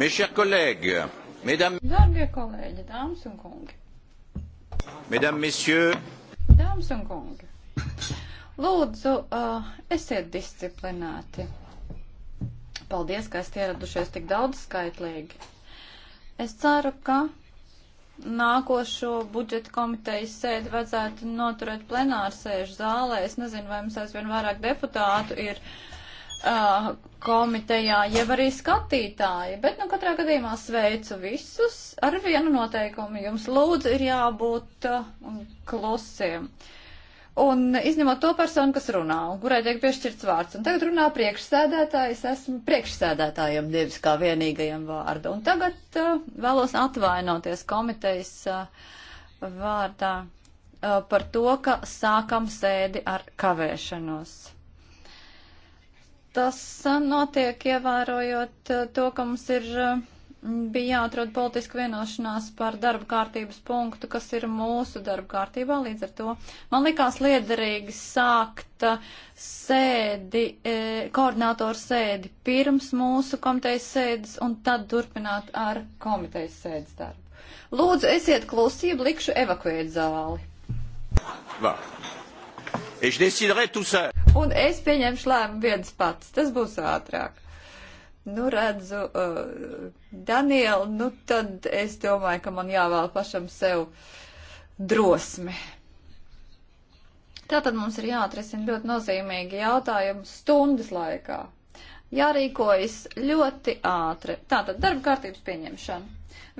Mes chers collègues, mesdames, Darbie kolēģi, dāmas un kungi. Mesdames, messieurs. Dāmas un kungi. Lūdzu, uh, esiet disciplinēti. Paldies, ka esat ieradušies tik daudz skaitlīgi. Es ceru, ka nākošo budžeta komitejas sēdi vajadzētu noturēt plenārsēžu zālē. Es nezinu, vai mums aizvien vairāk deputātu ir. Uh, uh, komitejā, jeb arī skatītāji. Bet, nu, katrā gadījumā sveicu visus ar vienu noteikumu. Jums lūdzu ir jābūt uh, klusiem. Un izņemot to personu, kas runā, un kurai tiek piešķirts vārds. Un tagad runā priekšsēdētājs, es esmu priekšsēdētājiem devis kā vienīgajam vārdu. Un tagad uh, vēlos atvainoties komitejas uh, vārdā uh, par to, ka sākam sēdi ar kavēšanos tas uh, notiek ievērojot uh, to, ka mums ir uh, bija jāatrod politiska vienošanās par darba kārtības punktu, kas ir mūsu darba kārtībā. Līdz ar to man likās liederīgi sākt sēdi, e, koordinātoru sēdi pirms mūsu komitejas sēdes un tad turpināt ar komitejas sēdes darbu. Lūdzu, esiet klusību, likšu evakuēt zāli. Va. Et je déciderai tout seul un es pieņemšu lēmumu viens pats. Tas būs ātrāk. Nu, redzu, uh, Daniela, nu tad es domāju, ka man jāvēl pašam sev drosmi. Tātad mums ir jāatrisina ļoti nozīmīgi jautājumi stundas laikā. Jārīkojas ļoti ātri. Tātad darba kārtības pieņemšana.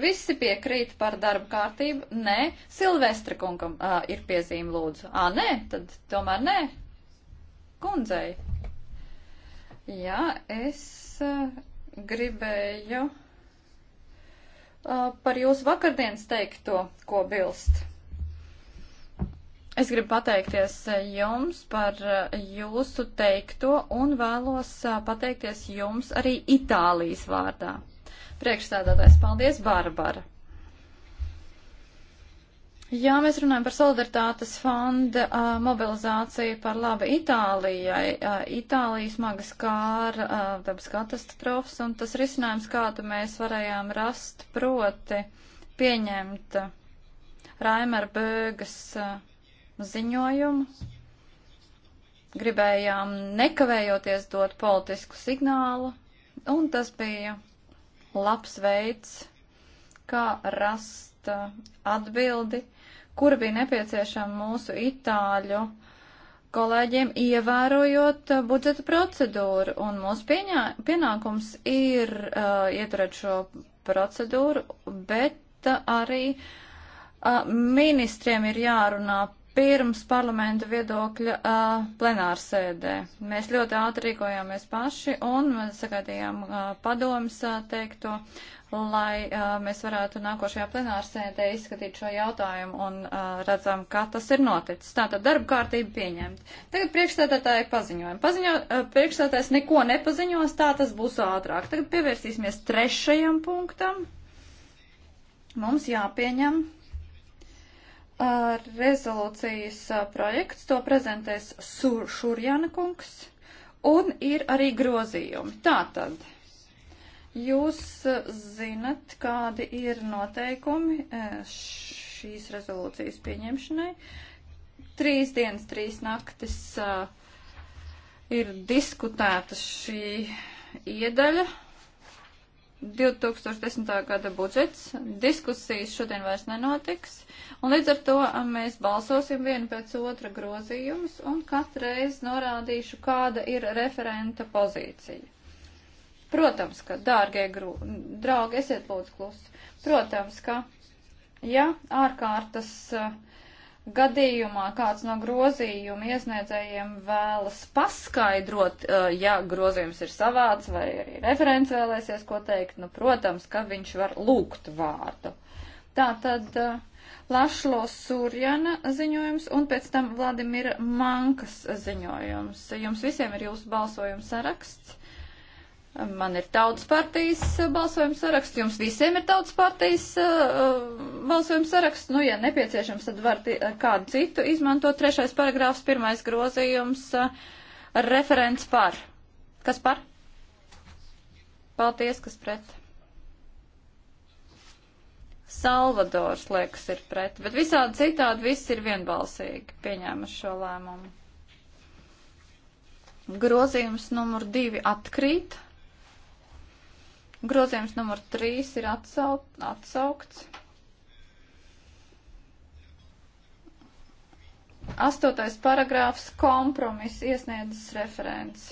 Visi piekrīt par darba kārtību? Nē. Silvestra kungam uh, ir piezīme lūdzu. Ā, nē, tad tomēr nē kundzei. Jā, es eh, gribēju eh, par jūsu vakardienas teikto, ko bilst. Es gribu pateikties eh, jums par jūsu teikto un vēlos pateikties jums arī Itālijas vārdā. Priekšstādātais, paldies, Barbara! Jā, mēs runājam par solidaritātes fonda uh, mobilizāciju par labu Itālijai. Uh, Itālija smaga skāra uh, dabas katastrofas, un tas risinājums, kādu mēs varējām rast, proti pieņemt uh, Raimera Bēgas uh, ziņojumu. Gribējām nekavējoties dot politisku signālu, un tas bija labs veids, kā rast uh, atbildi kura bija nepieciešama mūsu itāļu kolēģiem, ievērojot uh, budžeta procedūru. Un mūsu pieņā, pienākums ir uh, ieturēt šo procedūru, bet uh, arī uh, ministriem ir jārunā pirms parlamenta viedokļa uh, plenārsēdē. Mēs ļoti ātri rīkojāmies paši un sagaidījām uh, padomus uh, teikto, lai uh, mēs varētu nākošajā plenārsēdē izskatīt šo jautājumu un uh, redzam, kā tas ir noticis. Tātad darba kārtība pieņemta. Tagad priekšstādātāji paziņojumi. Paziņo, uh, priekšstādātājs neko nepaziņos, tā tas būs ātrāk. Tagad pievērsīsimies trešajam punktam. Mums jāpieņem uh, rezolūcijas uh, projekts, to prezentēs Sur Šurjana kungs, un ir arī grozījumi. Tātad. Jūs eh, zinat, kādi ir noteikumi eh, šīs rezolūcijas pieņemšanai. Trīs dienas, trīs naktis eh, ir diskutēta šī iedaļa. 2010. gada budžets. Diskusijas šodien vairs nenotiks. Un līdz ar to mēs balsosim vienu pēc otra grozījumus un katreiz norādīšu, kāda ir referenta pozīcija. Protams, ka, dārgie gru, draugi, esiet lūdzu klusi. Protams, ka, ja ārkārtas uh, gadījumā kāds no grozījuma iesniedzējiem vēlas paskaidrot, uh, ja grozījums ir savāds vai arī referents vēlēsies ko teikt, nu, protams, ka viņš var lūgt vārdu. Tā tad uh, Lašlo Surjana ziņojums un pēc tam Vladimira Mankas ziņojums. Jums visiem ir jūsu balsojums saraksts. Man ir tautas partijas eh, balsojuma saraksts, jums visiem ir tautas partijas uh, balsojuma saraksts. Nu, ja nepieciešams, tad var kādu citu izmantot. Trešais paragrāfs, pirmais grozījums, uh, referents par. Kas par? Paldies, kas pret. Salvadors, liekas, ir pret. Bet visādi citādi viss ir vienbalsīgi pieņēmuši šo lēmumu. Grozījums numur divi atkrīt. Grozījums numur 3 ir atsaukt, atsaukts. Astotais paragrāfs kompromiss iesniedzis referents.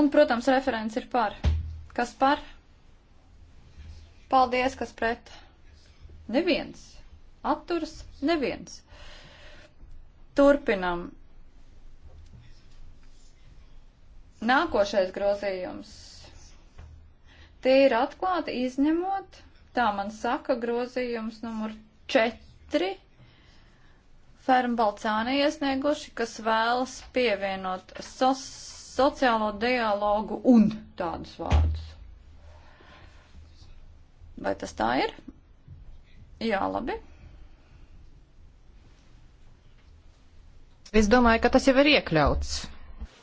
Un, protams, referents ir par. Kas par? Paldies, kas pret? Neviens. Atturs? Neviens. Turpinam. Nākošais grozījums Tie ir atklāti izņemot, tā man saka, grozījums numur 4. Ferma Balcāni iesnieguši, kas vēlas pievienot sos, sociālo dialogu un tādus vārdus. Vai tas tā ir? Jā, labi. Es domāju, ka tas jau ir iekļauts.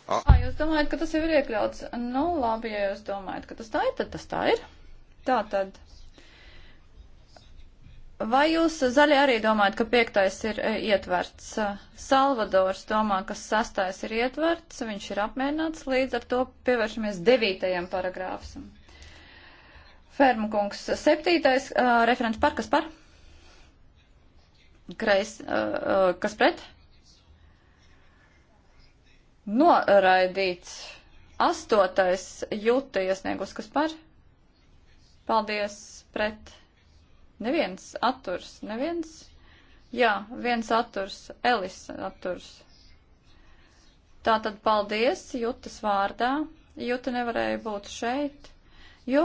A... Ah, jūs domājat, ka tas jau ir iekļauts? Nu, labi, ja jūs domājat, ka tas tā ir, tad tas tā ir. Tā tad. Vai jūs zaļi arī domājat, ka piektais ir e, ietverts? Salvadors domā, ka sastais ir ietverts, viņš ir apmierināts, līdz ar to pievēršamies devītajam paragrāfam. Fermkungs, septītais uh, referents par, kas par? Kreis, uh, kas pret? noraidīts. Astotais jūta iesniegus, kas par? Paldies pret. Neviens atturs, neviens. Jā, viens atturs, Elis atturs. Tātad paldies jūtas vārdā. Jūta nevarēja būt šeit, jo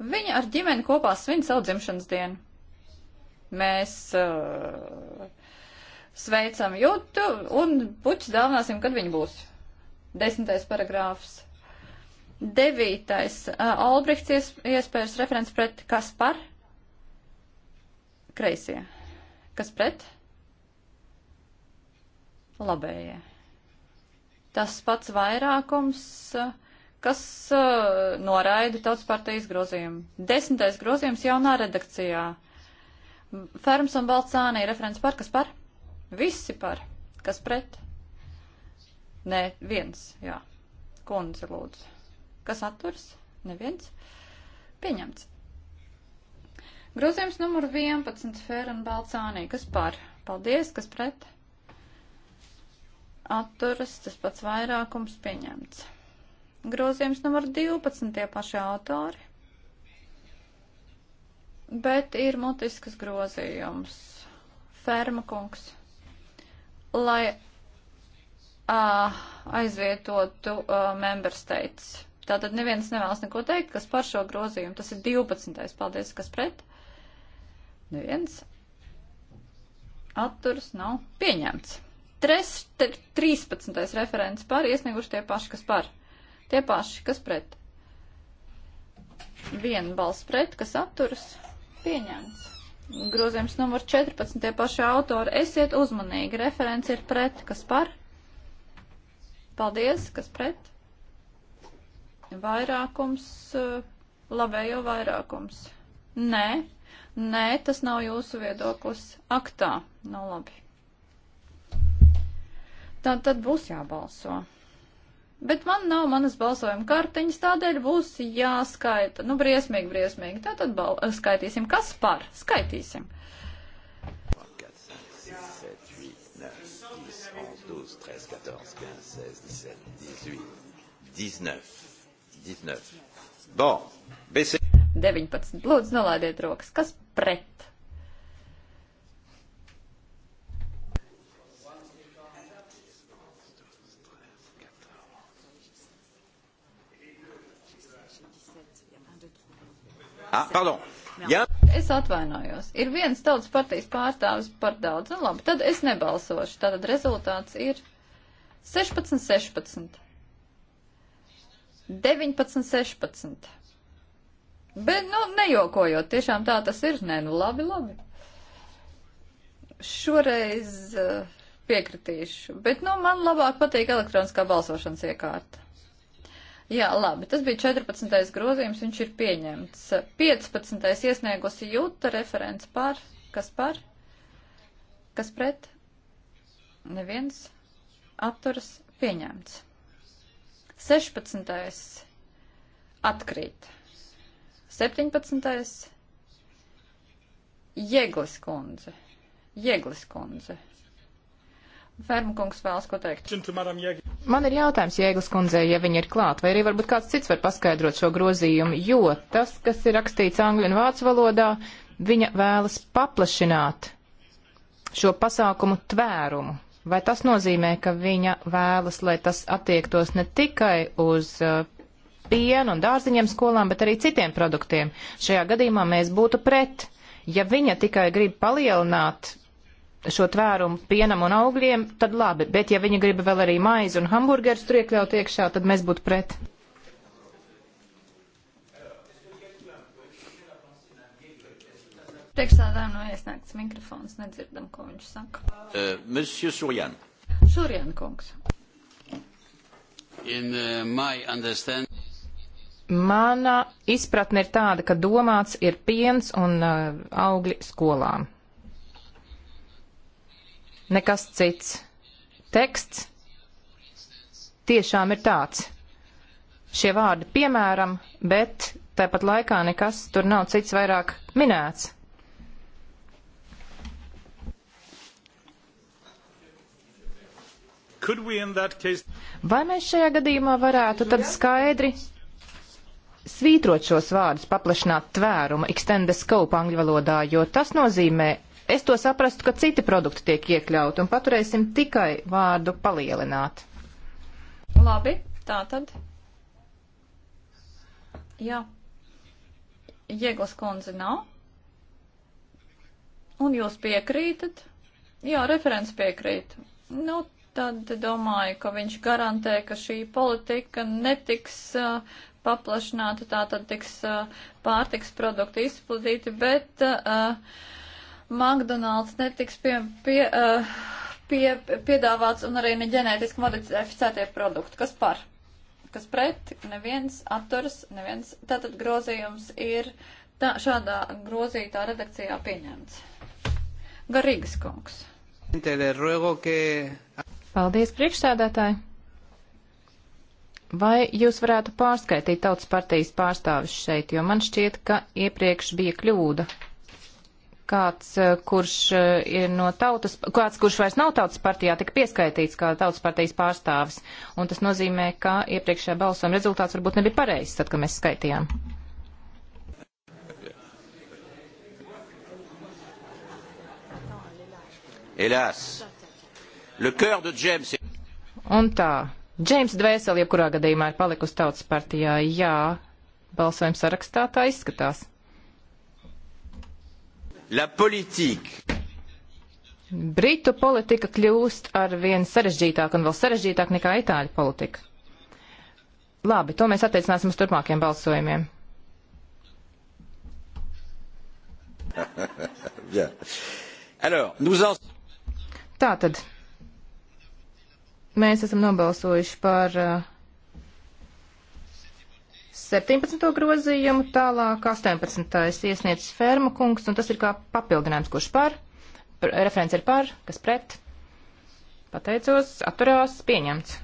viņa ar ģimeni kopā svin savu dzimšanas dienu. Mēs uh, sveicam jūtu un puķis dāvināsim, kad viņa būs. Desmitais paragrāfs. Devītais. Albrihts ies, iespējas referents pret kas par? Kreisie. Kas pret? Labējie. Tas pats vairākums, kas uh, noraida tautas partijas grozījumu. Desmitais grozījums jaunā redakcijā. Ferms un Balcānī referents par kas par? Visi par. Kas pret? Nē, viens, jā. Kundze, lūdzu. Kas atturs? Neviens. Pieņemts. Grozījums numur 11, Fēran Balcānī. Kas par? Paldies, kas pret? Atturas, tas pats vairākums pieņemts. Grozījums numur 12, tie paši autori. Bet ir mutiskas grozījums. Ferma kungs. Lai uh, aizvietotu uh, member states. Tātad neviens nevēlas neko teikt, kas par šo grozījumu. Tas ir 12. Paldies, kas pret? Neviens. Atturs nav pieņemts. Tres, te, 13. referents par iesnieguši tie paši, kas par. Tie paši, kas pret. Viena balss pret, kas atturs. Pieņemts. Grozījums numur 14. Tie paši autori. Esiet uzmanīgi. Referents ir pret, kas par. Paldies, kas pret? Vairākums, eh, labējo vairākums. Nē, nē, tas nav jūsu viedoklis. Ak tā, nu labi. Tā tad būs jābalso. Bet man nav manas balsojuma kartiņas, tādēļ būs jāskaita. Nu, briesmīgi, briesmīgi. Tātad bal... skaitīsim. Kas par? Skaitīsim. 1, 13, 14, 15, 16, 17, 18, 19. 19. Bon. Baissez. 19. Lūdzu, nolaidiet rokas. Kas pret? Ah, pardon. Jā. Es atvainojos. Ir viens tautas partijas pārstāvis par daudz, un nu, labi, tad es nebalsošu. Tātad rezultāts ir 16, 16. 19, 16. Bet, nu, nejokojot, tiešām tā tas ir. Nē, nu, labi, labi. Šoreiz uh, piekritīšu. Bet, nu, man labāk patīk elektroniskā balsošanas iekārta. Jā, labi, tas bija 14. grozījums, viņš ir pieņemts. 15. iesniegusi jūta referents par, kas par, kas pret, neviens atturas pieņemts. 16. atkrīt. 17. Jēglis kundze. Jēglis kundze. Fermkungs vēlas ko teikt. Man ir jautājums Jēglis kundzei, ja viņa ir klāt, vai arī varbūt kāds cits var paskaidrot šo grozījumu, jo tas, kas ir rakstīts angļu un vācu valodā, viņa vēlas paplašināt šo pasākumu tvērumu Vai tas nozīmē, ka viņa vēlas, lai tas attiektos ne tikai uz uh, pienu un dārziņiem skolām, bet arī citiem produktiem? Šajā gadījumā mēs būtu pret. Ja viņa tikai grib palielināt šo tvērumu pienam un augļiem, tad labi, bet ja viņa grib vēl arī maizi un hamburgerus tur iekļaut iekšā, tad mēs būtu pret. Priekšsādājiem nav nu, iesniegts mikrofons, nedzirdam, ko viņš saka. Uh, Monsieur Surjan. Surjan kungs. In, uh, my understand... Mana izpratne ir tāda, ka domāts ir piens un uh, augļi skolām. Nekas cits. Teksts tiešām ir tāds. Šie vārdi piemēram, bet tāpat laikā nekas tur nav cits vairāk minēts. Vai mēs šajā gadījumā varētu tad skaidri svītrot šos vārdus, paplašināt tvērumu, extend the scope angļu valodā, jo tas nozīmē, es to saprastu, ka citi produkti tiek iekļauti un paturēsim tikai vārdu palielināt. Labi, tā tad. Jā. Jēglas kundze nav. Un jūs piekrītat? Jā, referents piekrīt. Nu, tad domāju, ka viņš garantē, ka šī politika netiks uh, paplašināta, tā tad tiks uh, pārtiks produkti izplatīti, bet uh, McDonald's netiks pie, pie, uh, pie, piedāvāts un arī ne ģenētiski modificētie produkti. Kas par? Kas pret? Neviens atturs, neviens. Tātad grozījums ir tā, šādā grozītā redakcijā pieņemts. Garīgas kungs. Te le ruego que... Paldies, priekšsēdētāji! Vai jūs varētu pārskaitīt tautas partijas pārstāvis šeit, jo man šķiet, ka iepriekš bija kļūda. Kāds, eh, kurš eh, ir no tautas, kāds, kurš vairs nav tautas partijā, tika pieskaitīts kā tautas partijas pārstāvis. Un tas nozīmē, ka iepriekšējā balsojuma rezultāts varbūt nebija pareizs, tad, kad mēs skaitījām. Hélas, Un tā, Džeims Dvēseli, jebkurā gadījumā ir palikusi tautas partijā, jā, balsojuma sarakstā tā izskatās. La politique. Britu politika kļūst ar vien sarežģītāk un vēl sarežģītāk nekā itāļu politika. Labi, to mēs attiecināsim uz turpmākiem balsojumiem. Alors, nous en... Tā tad. Mēs esam nobalsojuši par 17. Eh, grozījumu, tālāk 18. iesniedz Ferma kungs, un tas ir kā papildinājums, kurš par, referents ir par, kas pret, pateicos, atturās, pieņemts.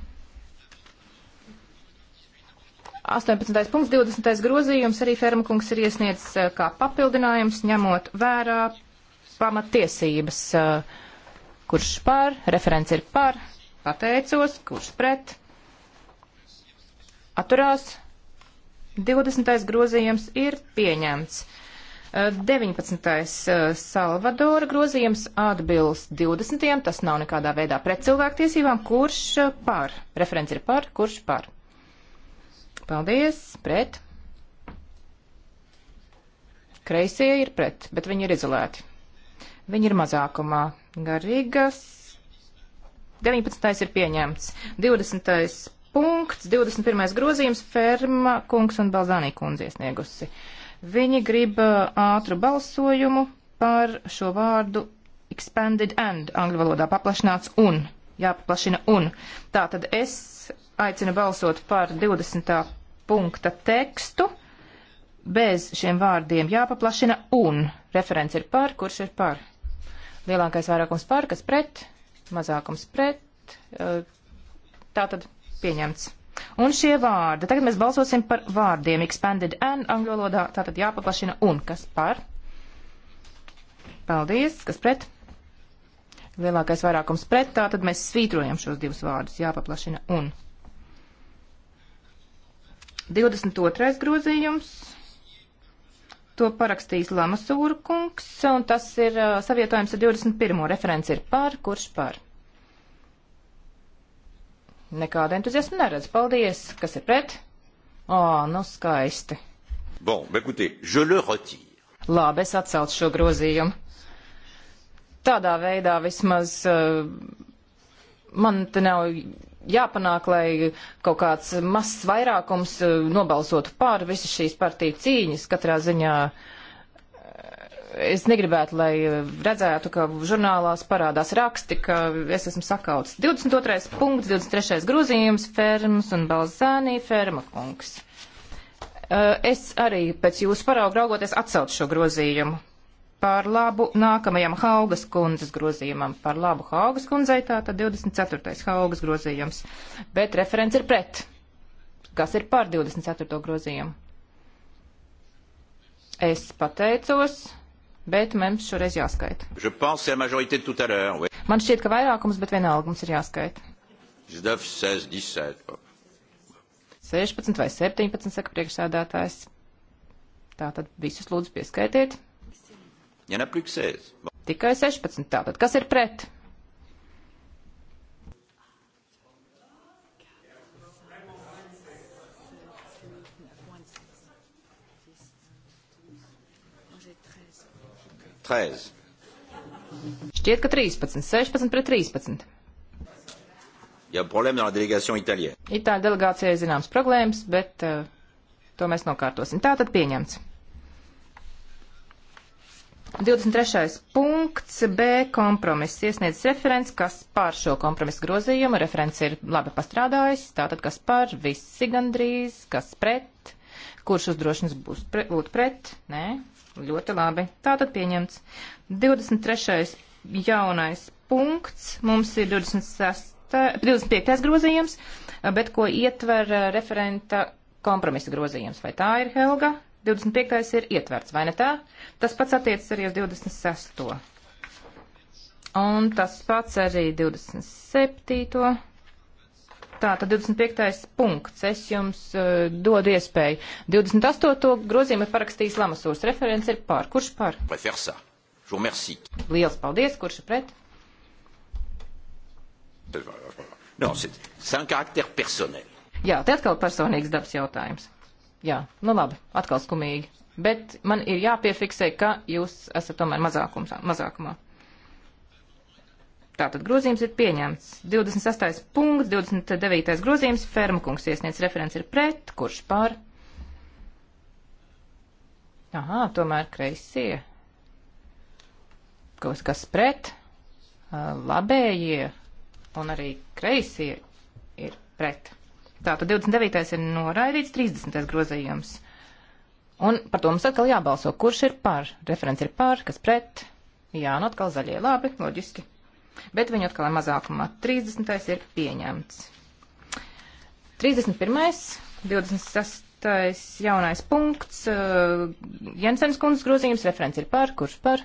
18. punkts, 20. grozījums arī Fermakungs ir iesniedzis eh, kā papildinājums, ņemot vērā pamatiesības, eh, kurš par, referents ir par, Pateicos, kurš pret. Atturās. 20. grozījums ir pieņemts. 19. Eh, eh, Salvadora grozījums atbilst 20. Tas nav nekādā veidā pret cilvēktiesībām. Kurš eh, par? Referents ir par, kurš par? Paldies, pret. Kreisie ir pret, bet viņi ir izolēti. Viņi ir mazākumā. Garīgas 19. ir pieņemts. 20. punkts, 21. grozījums Ferma kungs un Balzānī kundze iesniegusi. Viņi grib uh, ātru balsojumu par šo vārdu expanded and angļu valodā paplašināts un. Jāpaplašina un. Tātad es aicinu balsot par 20. punkta tekstu bez šiem vārdiem jāpaplašina un referents ir par, kurš ir par. Lielākais vairākums par, kas pret, mazākums pret. Tātad pieņemts. Un šie vārdi. Tagad mēs balsosim par vārdiem. Expanded and angļu valodā. Tātad jāpaplašina un kas par. Paldies. Kas pret? Lielākais vairākums pret. Tātad mēs svītrojam šos divus vārdus. Jāpaplašina un. 22. grozījums To parakstīs Lamasūra kungs, un tas ir uh, savietojums ar 21. referenci ir par, kurš par. Nekāda entuziasma neredz. Paldies. Kas ir pret? Ā, oh, nu skaisti. Bon, écoutez, je le retire. Labi, es atceltu šo grozījumu. Tādā veidā vismaz uh, man te nav jāpanāk, lai kaut kāds mazs vairākums eh, nobalsotu pār visas šīs partiju cīņas. Katrā ziņā eh, es negribētu, lai eh, redzētu, ka žurnālās parādās raksti, ka es esmu sakauts. 22. punkts, 23. grozījums, fermas un balzānī ferma kungs. Es arī pēc jūsu parauga raugoties atsaucu šo grozījumu par labu nākamajam Haugas kundzes grozījumam. Par labu Haugas kundzei tā tad 24. Haugas grozījums. Bet referents ir pret. Kas ir par 24. grozījumu? Es pateicos, bet mums šoreiz jāskaita. Oui. Man šķiet, ka vairākums, bet vienalga mums ir jāskaita. 16 vai 17, saka priekšsēdētājs. Tātad visus lūdzu pieskaitiet. Ja ne plus 16. Tikai 16. Tātad, kas ir pret? Treize. Šķiet, ka 13. 16 pret 13. Ja problēma no delegācija Itālijā. Itāļu delegācijai zināms problēmas, bet uh, to mēs nokārtosim. Tātad pieņemts. 23. punkts B kompromiss iesniedz referents, kas pār šo kompromisu grozījumu referents ir labi pastrādājis, tātad kas pār visi gandrīz, kas pret, kurš uzdrošins būs pre, būt pret, nē, ļoti labi, tātad pieņemts. 23. jaunais punkts, mums ir 26. 25. grozījums, bet ko ietver referenta kompromisa grozījums. Vai tā ir Helga? 25. ir ietverts, vai ne tā? Tas pats attiecas arī uz 26. Un tas pats arī 27. Tā, tad 25. punkts. Es jums uh, dodu iespēju. 28. grozījumu ir parakstījis Lamasūrs. Referents ir pār. Kurš pār? Liels paldies. Kurš ir pret? Non, c'est un caractère personnel. Jā, te atkal personīgs dabas jautājums. Jā, nu labi, atkal skumīgi. Bet man ir jāpiefiksē, ka jūs esat tomēr mazākums, mazākumā. Tātad grozījums ir pieņemts. 26. punkts, 29. grozījums, fermkungs iesniedz referents ir pret, kurš pār. Aha, tomēr kreisie. Kaut kas pret, labējie un arī kreisie ir pret. Tātad 29. ir noraidīts, 30. grozījums. Un par to mums atkal jābalso. Kurš ir par? Referents ir par, kas pret? Jā, un nu atkal zaļie. Labi, loģiski. Bet viņi atkal ir mazākumā. 30. ir pieņemts. 31. 26 ceturtais jaunais punkts. Uh, Jensens kundzes grozījums referents ir par, kurš par.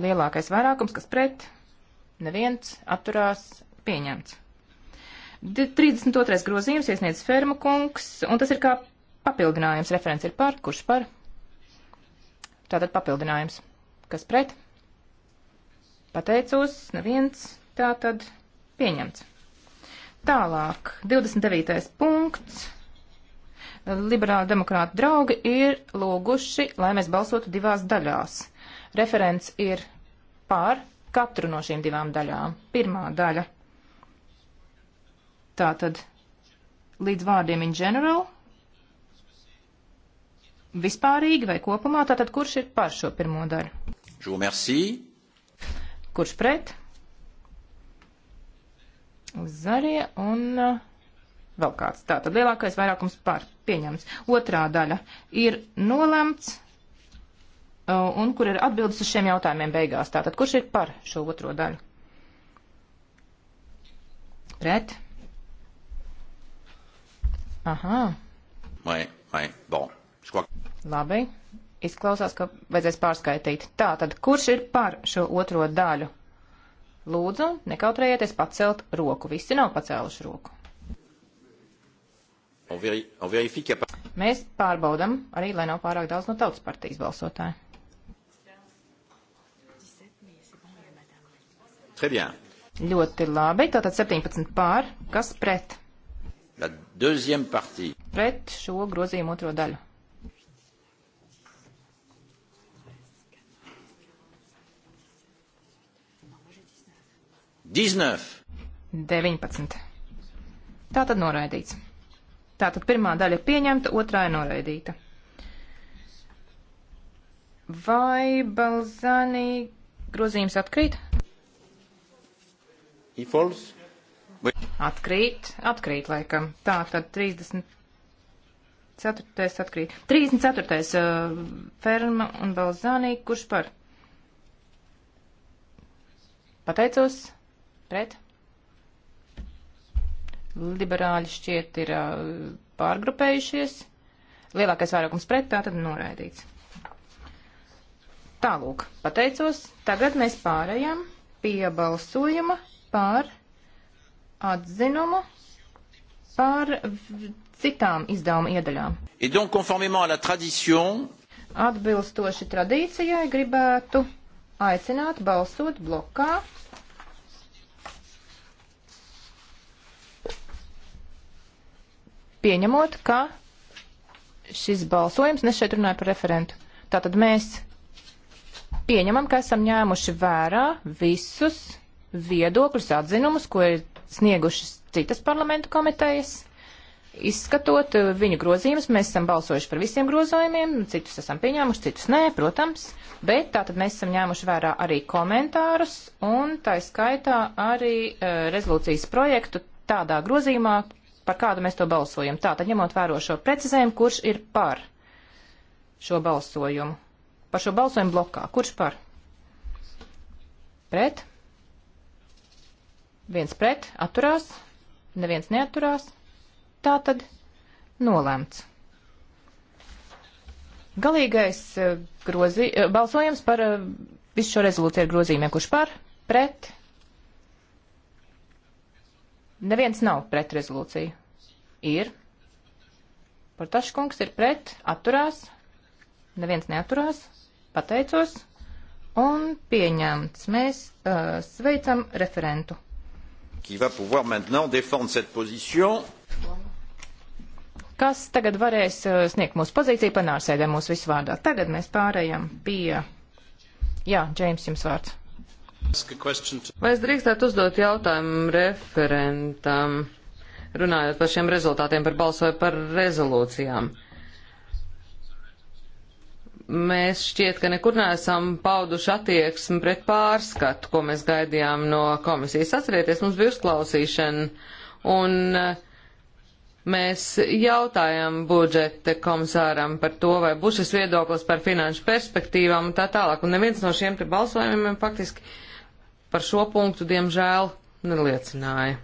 Lielākais vairākums, kas pret. Neviens atturās pieņemts. 32. grozījums iesniedz Ferma kungs, un tas ir kā papildinājums. Referents ir par, kurš par? Tātad papildinājums. Kas pret? Pateicos, neviens. Tātad pieņemts. Tālāk, 29. punkts. Liberāla demokrāta draugi ir lūguši, lai mēs balsotu divās daļās. Referents ir par katru no šīm divām daļām. Pirmā daļa Tātad līdz vārdiem in general, vispārīgi vai kopumā, tātad kurš ir par šo pirmo daļu? Jo merci. Kurš pret? Zarie un uh, vēl kāds. Tātad lielākais vairākums par pieņems. Otrā daļa ir nolemts uh, un kur ir atbildes uz šiem jautājumiem beigās. Tātad kurš ir par šo otro daļu? Pret? Aha. Vai, vai, bon. Ško... Labi. Izklausās, ka vajadzēs pārskaitīt. Tā tad, kurš ir par šo otro daļu? Lūdzu, nekautrējieties pacelt roku. Visi nav pacēluši roku. On veri, on verifi, ka... Mēs pārbaudam arī, lai nav pārāk daudz no tautas partijas balsotāju. Très bien. Ļoti labi. Tātad 17 pār. Kas pret? La deuxième partie. Pret šo grozījumu otro daļu. Diznef. 19. Tā tad noraidīts. Tā tad pirmā daļa ir pieņemta, otrā ir noraidīta. Vai Balzani grozījums atkrīt? He falls. Atkrīt, atkrīt laikam. Tā tad 34. atkrīt. 34. Uh, Ferma un Balzānī, kurš par? Pateicos, pret. Liberāļi šķiet ir uh, pārgrupējušies. Lielākais vairākums pret, tā tad noraidīts. Tālūk, pateicos. Tagad mēs pārējām pie balsojuma pār atzinumu par citām izdevuma iedaļām. Donc, tradition... Atbilstoši tradīcijai gribētu aicināt balsot blokā. Pieņemot, ka šis balsojums, ne šeit runāju par referentu, tātad mēs pieņemam, ka esam ņēmuši vērā visus viedokļus, atzinumus, ko ir sniegušas citas parlamentu komitejas. Izskatot eh, viņu grozījumus, mēs esam balsojuši par visiem grozījumiem, citus esam pieņēmuši, citus nē, protams, bet tātad mēs esam ņēmuši vērā arī komentārus un tā skaitā arī uh, rezolūcijas projektu tādā grozījumā, par kādu mēs to balsojam. Tātad ņemot vērā šo precizējumu, kurš ir par šo balsojumu. Par šo balsojumu blokā. Kurš par? Pret? viens pret, atturās, neviens neatturās. Tā tad nolēmts. Galīgais eh, grozī, eh, balsojums par eh, visu šo rezolūciju ar grozījumiem, kurš par, pret. Neviens nav pret rezolūciju. Ir. Portaškungs ir pret, atturās. Neviens neatturās. Pateicos. Un pieņemts. Mēs uh, sveicam referentu qui va pouvoir maintenant défendre cette position. Kas tagad varēs uh, sniegt mūsu pozīciju panārsēdē mūsu visu vārdā? Tagad mēs pārējām pie. Jā, Džeims, jums vārds. Vai es drīkstētu uzdot jautājumu referentam, runājot par šiem rezultātiem, par balsoju par rezolūcijām? Mēs šķiet, ka nekur neesam pauduši attieksmi pret pārskatu, ko mēs gaidījām no komisijas. Atcerieties, mums bija uzklausīšana, un eh, mēs jautājām budžete komisāram par to, vai būs šis viedoklis par finanšu perspektīvām un tā tālāk. Un neviens no šiem te balsojumiem faktiski par šo punktu, diemžēl, neliecināja.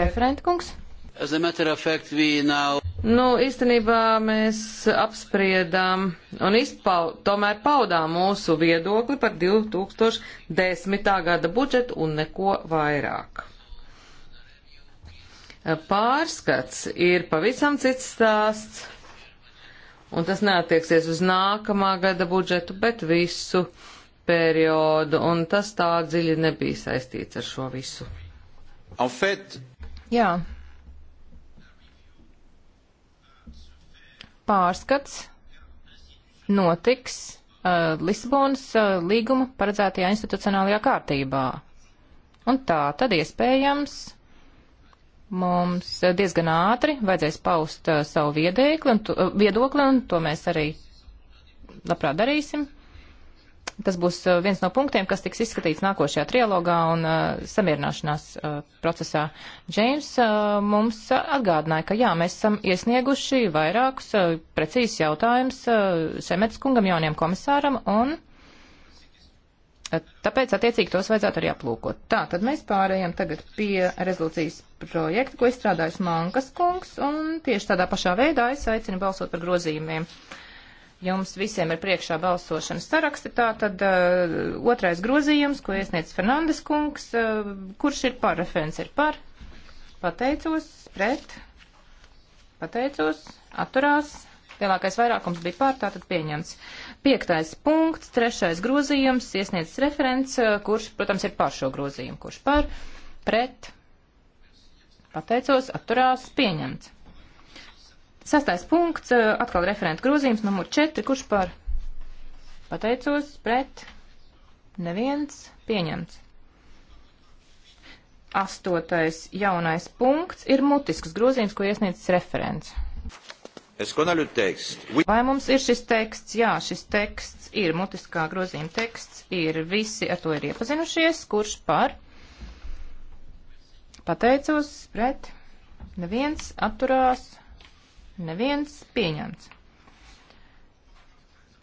Referentkungs? Fact, now... Nu, īstenībā mēs apspriedām un izpau, tomēr paudām mūsu viedokli par 2010. gada budžetu un neko vairāk. Pārskats ir pavisam cits stāsts un tas neatieksies uz nākamā gada budžetu, bet visu periodu, un tas tā dziļi nebija saistīts ar šo visu. En fait... Jā, pārskats notiks uh, Lisabonas uh, līguma paredzētajā institucionālajā kārtībā. Un tā tad iespējams mums uh, diezgan ātri vajadzēs paust uh, savu viedēkli un tu, uh, viedokli, un to mēs arī labprāt darīsim. Tas būs eh, viens no punktiem, kas tiks izskatīts nākošajā trialogā un uh, samierināšanās uh, procesā. Džeims uh, mums atgādināja, ka jā, mēs esam iesnieguši vairākus uh, precīzus jautājumus uh, Šemets kungam, jauniem komisāram, un uh, tāpēc attiecīgi tos vajadzētu arī aplūkot. Tā, tad mēs pārējām tagad pie rezolūcijas projekta, ko izstrādājas Mankas kungs, un tieši tādā pašā veidā es aicinu balsot par grozījumiem. Uh, Jums visiem ir priekšā balsošanas saraksti. Tā tad uh, otrais grozījums, ko iesniedz Fernandes kungs. Uh, kurš ir par? Referents ir par. Pateicos. Pret. Pateicos. Atturās. Lielākais vairākums bija pār, tātad pieņemts. Piektais punkts, trešais grozījums, iesniedzis referents, uh, kurš, protams, ir pār šo grozījumu, kurš par, pret, pateicos, atturās, pieņemts. Sastais punkts, eh, atkal referenta grozījums, numur 4, kurš par pateicos, pret, neviens, pieņemts. Astotais jaunais punkts ir mutisks grozījums, ko iesniedzis referents. Vai mums ir šis teksts? Jā, šis teksts ir mutiskā grozījuma teksts, ir visi ar to ir iepazinušies, kurš par pateicos, pret, neviens, atturās, Neviens pieņemts.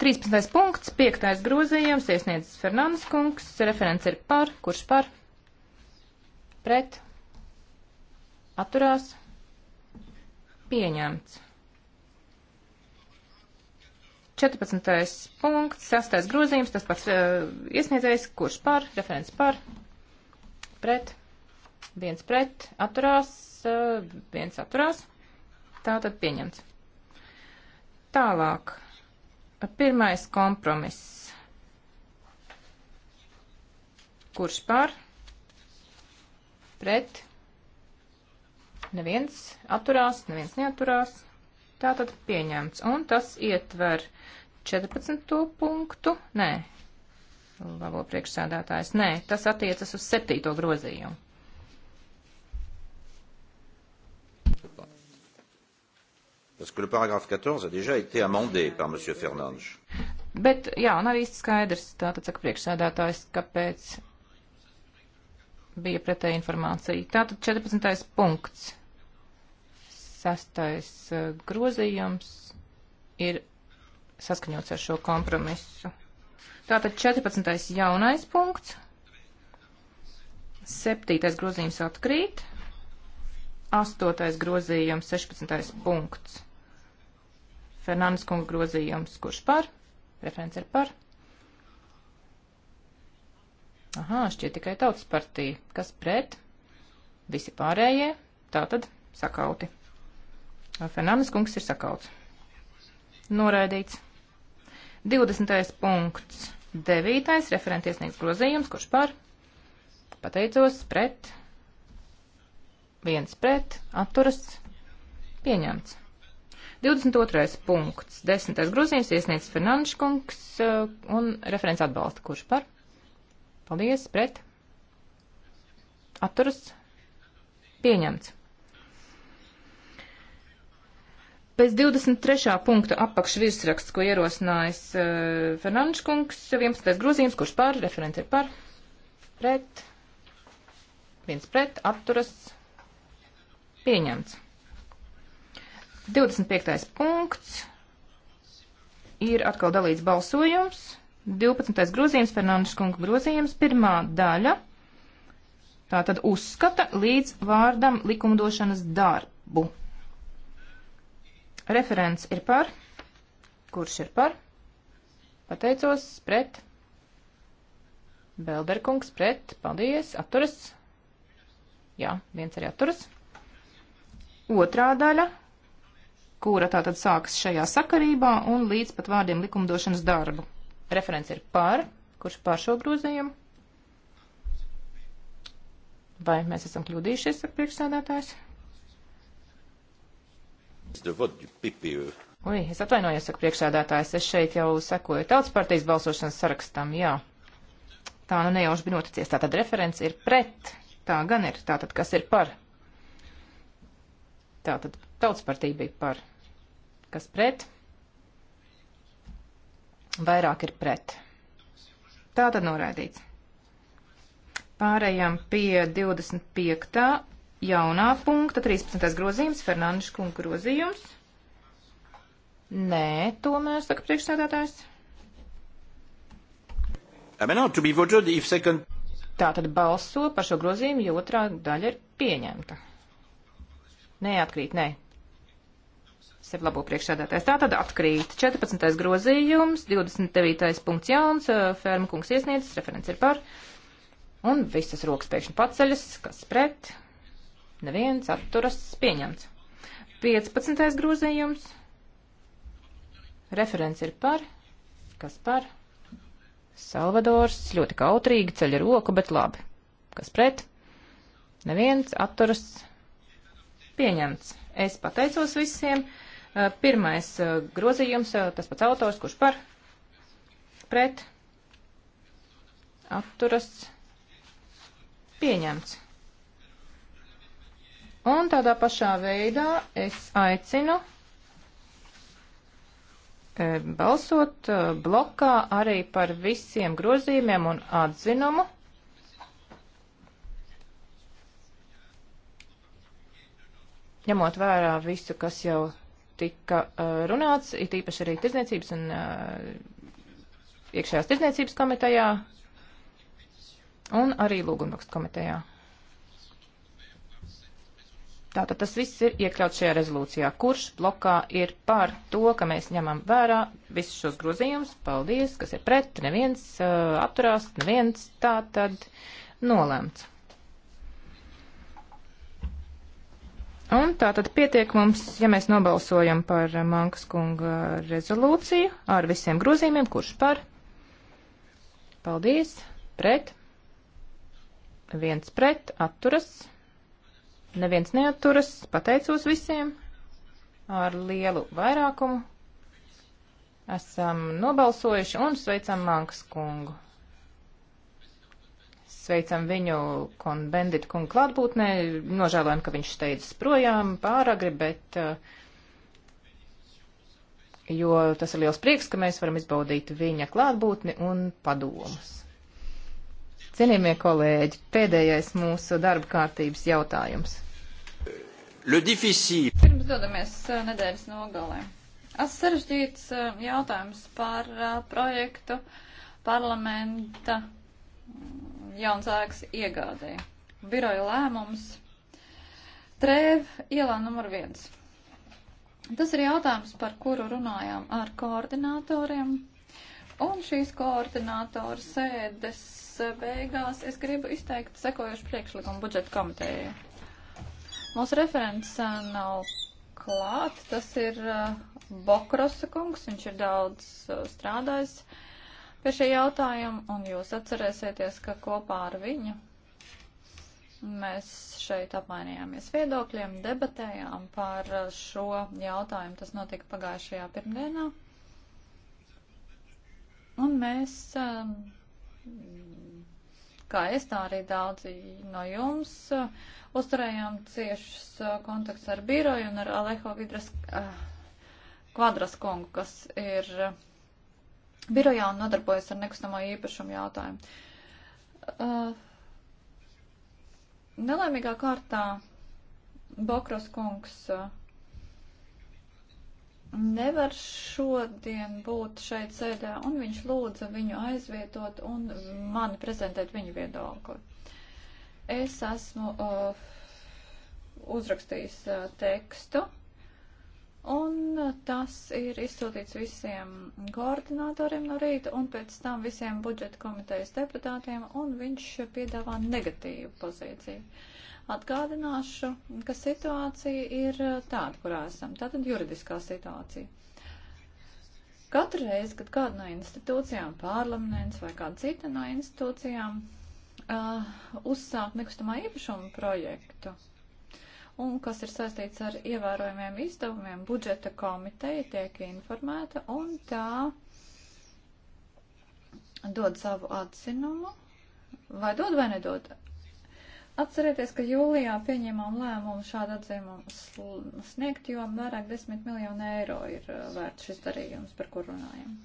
13. punkts, 5. grozījums, iesniedzis Fernandes kungs, referents ir par, kurš par, pret, atturās, pieņemts. 14. punkts, 6. grozījums, tas pats uh, iesniedzējs, kurš par, referents par, pret, viens pret, atturās, uh, viens atturās, Tā tad pieņemts. Tālāk. Pirmais kompromiss. Kurš par? Pret? Neviens atturās, neviens neatturās. Tā tad pieņemts. Un tas ietver 14. punktu. Nē, labo priekšsēdētājs. Nē, tas attiecas uz 7. grozījumu. Parce que le paragraphe 14 a déjà été amendé par M. Fernandes. Bet, jā, nav īsti skaidrs, tātad saka priekšsēdētājs, kāpēc bija pretēja informācija. Tātad 14. punkts, sastais eh, grozījums ir saskaņots ar šo kompromisu. Tātad 14. jaunais punkts, septītais grozījums atkrīt, astotais grozījums, 16. punkts. Fernandes kunga grozījums, kurš par? Referents ir par. Aha, šķiet tikai tautas partija. Kas pret? Visi pārējie. Tātad sakauti. Fernandes kungs ir sakauts. Noraidīts. 20. punkts. 9. referentiesnieks grozījums, kurš par? Pateicos pret. Viens pret. Atturas. Pieņemts. 22. punkts, 10. grozījums iesniedz Fernandškungs eh, un referents atbalsta. Kurš par? Paldies, pret. Atturas. Pieņemts. Pēc 23. punkta apakšvirsraksts, ko ierosinājis uh, eh, Fernandškungs, 11. grozījums, kurš par, referents ir par, pret, viens pret, atturas, pieņemts. 25. punkts ir atkal dalīts balsojums. 12. grozījums, Fernandes kunga grozījums, pirmā daļa. Tā tad uzskata līdz vārdam likumdošanas darbu. Referents ir par. Kurš ir par? Pateicos pret. Belderkungs pret. Paldies. Atturas. Jā, viens arī atturas. Otrā daļa kura tātad sāks šajā sakarībā un līdz pat vārdiem likumdošanas darbu. Referents ir par, kurš par šo grozījumu. Vai mēs esam kļūdījušies, saka priekšsēdētājs? E. Ui, es atvainojos, saka priekšsēdētājs, es šeit jau sekoju tautas partijas balsošanas sarakstam, jā. Tā nu nejauši bija noticies, tātad referents ir pret, tā gan ir, tātad kas ir par? Tātad tautas partija bija par. Kas pret? Vairāk ir pret. Tā tad noraidīts. Pārējām pie 25. jaunā punkta, 13. grozījums, Fernandeša kunga grozījums. Nē, tomēr, saka priekšsēdētājs. Ah, Tā tad balso par šo grozījumu, jo otrā daļa ir pieņemta. Nē, atkrīt, nē, sev labo priekšsēdētājs. Tā tad atkrīt. 14. grozījums, 29. punkts jauns, ferma kungs iesniedzis, referents ir par. Un visas rokas pēkšņi paceļas, kas pret. Neviens atturas pieņemts. 15. grozījums. Referents ir par. Kas par? Salvadors ļoti kautrīgi ceļ roku, bet labi. Kas pret? Neviens atturas pieņemts. Es pateicos visiem. Eh, pirmais eh, grozījums, eh, tas pats autors, kurš par pret atturas pieņemts. Un tādā pašā veidā es aicinu balsot blokā arī par visiem grozījumiem un atzinumu. Ņemot vērā visu, kas jau tika uh, runāts, it īpaši arī tirdzniecības un uh, iekšējās tirdzniecības komitejā un arī lūgumrakstu komitejā. Tātad tas viss ir iekļauts šajā rezolūcijā. Kurš blokā ir par to, ka mēs ņemam vērā visus šos grozījumus? Paldies, kas ir pret, neviens uh, apturās, neviens tātad nolēmts. Un tā tad pietiek mums, ja mēs nobalsojam par Mankas kunga rezolūciju ar visiem grozījumiem, kurš par. Paldies. Pret. Viens pret. Atturas. Neviens neatturas. Pateicos visiem. Ar lielu vairākumu. Esam nobalsojuši un sveicam Mankas kungu. Sveicam viņu konbendit kungu klātbūtnē. Nožēlojam, ka viņš steidzas projām pāragri, bet. Eh, jo tas ir liels prieks, ka mēs varam izbaudīt viņa klātbūtni un padomus. Cienījamie kolēģi, pēdējais mūsu darba kārtības jautājums. Pirms dodamies eh, nedēļas nogalē. Es sarežģīts eh, jautājums par projektu parlamenta jauns ēkas iegādē. Biroja lēmums. Trēv ielā numur viens. Tas ir jautājums, par kuru runājām ar koordinatoriem. Un šīs koordinātora sēdes beigās es gribu izteikt sekojušu priekšlikumu budžeta komitejai. Mūsu referents nav klāt, tas ir Bokrosa kungs, viņš ir daudz strādājis. Uh, pie šī jautājuma, un jūs atcerēsieties, ka kopā ar viņu mēs šeit apmainījāmies viedokļiem, debatējām par šo jautājumu. Tas notika pagājušajā pirmdienā. Un mēs, um, kā es, tā arī daudzi no jums, uh, uzturējām ciešus uh, kontaktus ar biroju un ar Alejo Vidras uh, kvadras kungu, kas ir birojā un nodarbojas ar nekustamo īpašumu jautājumu. Uh, nelaimīgā kārtā Bokros kungs uh, nevar šodien būt šeit ceļā, un viņš lūdza viņu aizvietot un mani prezentēt viņu viedokli. Es esmu uh, uzrakstījis uh, tekstu Un tas ir izsūtīts visiem koordinatoriem no rīta un pēc tam visiem budžeta komitejas deputātiem, un viņš piedāvā negatīvu pozīciju. Atgādināšu, ka situācija ir tāda, kurā esam. Tātad juridiskā situācija. Katru reizi, kad kāda no institūcijām, parlaments vai kāda cita no institūcijām, uh, uzsāk nekustamā īpašuma projektu, uh, un kas ir saistīts ar ievērojumiem izdevumiem, budžeta komiteja tiek informēta un tā dod savu atzinumu. Vai dod vai nedod? Atcerieties, ka jūlijā pieņēmām lēmumu šādu atzīmumu sniegt, jo vairāk desmit miljonu eiro ir uh, vērts šis darījums, par kur runājam.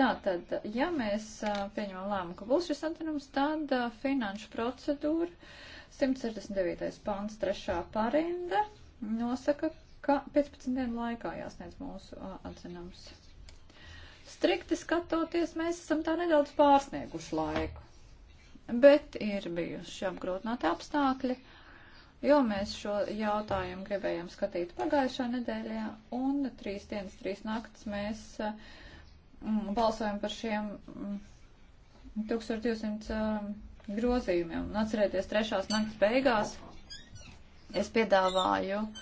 Tātad, ja mēs uh, pieņemam lēmumu, ka būs šis atzinums, tad uh, finanšu procedūra 169. pāns, trešā parinda nosaka, ka 15 dienu laikā jāsniedz mūsu atzinums. Strikti skatoties, mēs esam tā nedaudz pārsnieguši laiku, bet ir bijuši apgrūtināti apstākļi, jo mēs šo jautājumu gribējām skatīt pagājušā nedēļā, un trīs dienas, trīs naktas mēs mm, balsojam par šiem mm, 1200. Mm, grozījumiem. Un atcerieties, trešās naktas beigās es piedāvāju uh,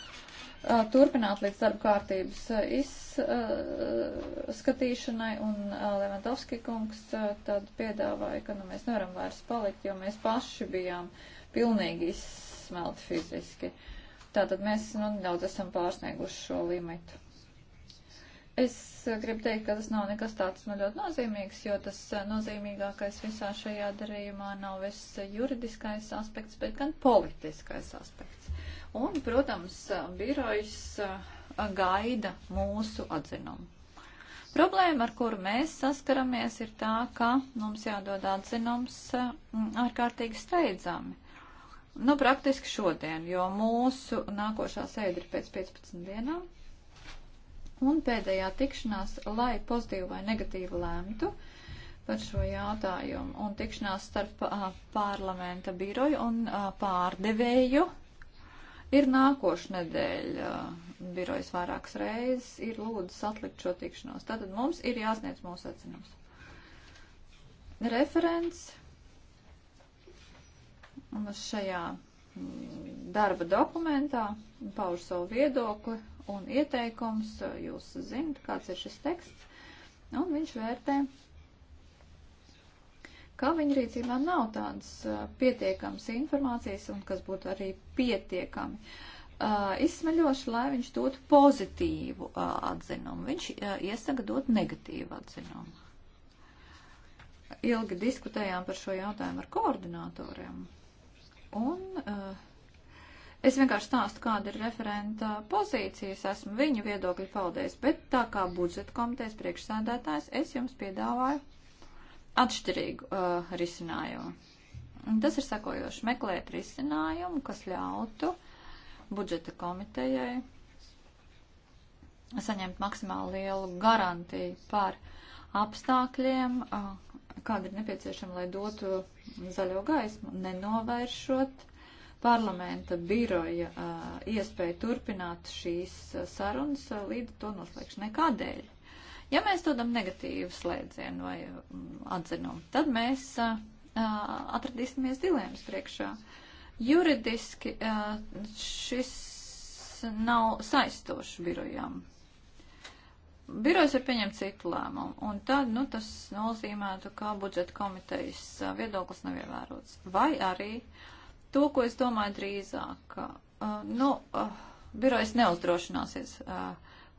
turpināt līdz darba kārtības uh, izskatīšanai, uh, un uh, Levandovski kungs uh, tad piedāvāja, ka nu, mēs nevaram vairs palikt, jo mēs paši bijām pilnīgi izsmelti fiziski. Tātad mēs nu, daudz esam pārsnieguši šo limitu. Es eh, gribu teikt, ka tas nav nekas tāds man nu ļoti nozīmīgs, jo tas eh, nozīmīgākais visā šajā darījumā nav viss juridiskais aspekts, bet gan politiskais aspekts. Un, protams, eh, birojs gaida mūsu atzinumu. Problēma, ar kuru mēs saskaramies, ir tā, ka mums jādod atzinums ārkārtīgi steidzami. Nu, praktiski šodien, jo mūsu nākošā sēde ir pēc 15 dienām un pēdējā tikšanās, lai pozitīvi vai negatīvi lēmtu par šo jautājumu. Un tikšanās starp a, parlamenta biroju un a, pārdevēju ir nākošu nedēļu. Birojas vairākas reizes ir lūdzas atlikt šo tikšanos. Tātad mums ir jāsniedz mūsu secinājums. Referents šajā darba dokumentā pauž savu viedokli un ieteikums. Jūs zinat, kāds ir šis teksts. Un viņš vērtē, ka viņa rīcībā nav tādas pietiekamas informācijas un kas būtu arī pietiekami uh, izsmeļoši, lai viņš dotu pozitīvu uh, atzinumu. Viņš uh, iesaka dot negatīvu atzinumu. Ilgi diskutējām par šo jautājumu ar koordinatoriem. Un uh, Es vienkārši stāstu, kāda ir referenta pozīcijas, esmu viņu viedokļi paldies, bet tā kā budžeta komitejas priekšsēdētājs, es jums piedāvāju atšķirīgu uh, risinājumu. Un tas ir sakojoši meklēt risinājumu, kas ļautu budžeta komitejai saņemt maksimāli lielu garantiju par apstākļiem, uh, kāda ir nepieciešama, lai dotu zaļo gaismu, nenovēršot parlamenta biroja uh, iespēju turpināt šīs uh, sarunas uh, līdz to noslēgšanai. Kādēļ? Ja mēs dodam negatīvu slēdzienu vai um, atzinumu, tad mēs uh, atradīsimies dilēmas priekšā. Juridiski uh, šis nav saistošs birojām. Birojas var pieņemt citu lēmumu, un tad, nu, tas nozīmētu, ka budžeta komitejas viedoklis nav ievērots. Vai arī uh, To, ko es domāju drīzāk, uh, nu, uh, birojas neuzdrošināsies uh,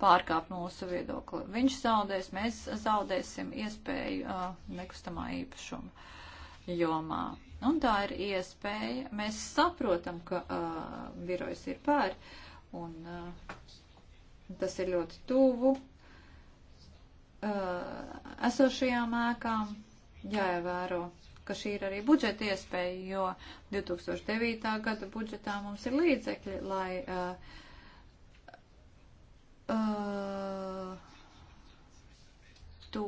pārkāpt mūsu viedokli. Viņš zaudēs, mēs zaudēsim iespēju uh, nekustamā īpašuma jomā. Un tā ir iespēja. Mēs saprotam, ka uh, birojs ir pār, un uh, tas ir ļoti tuvu uh, esošajām ēkām jāievēro. Ja ka šī ir arī budžeta iespēja, jo 2009. gada budžetā mums ir līdzekļi, lai uh, uh, to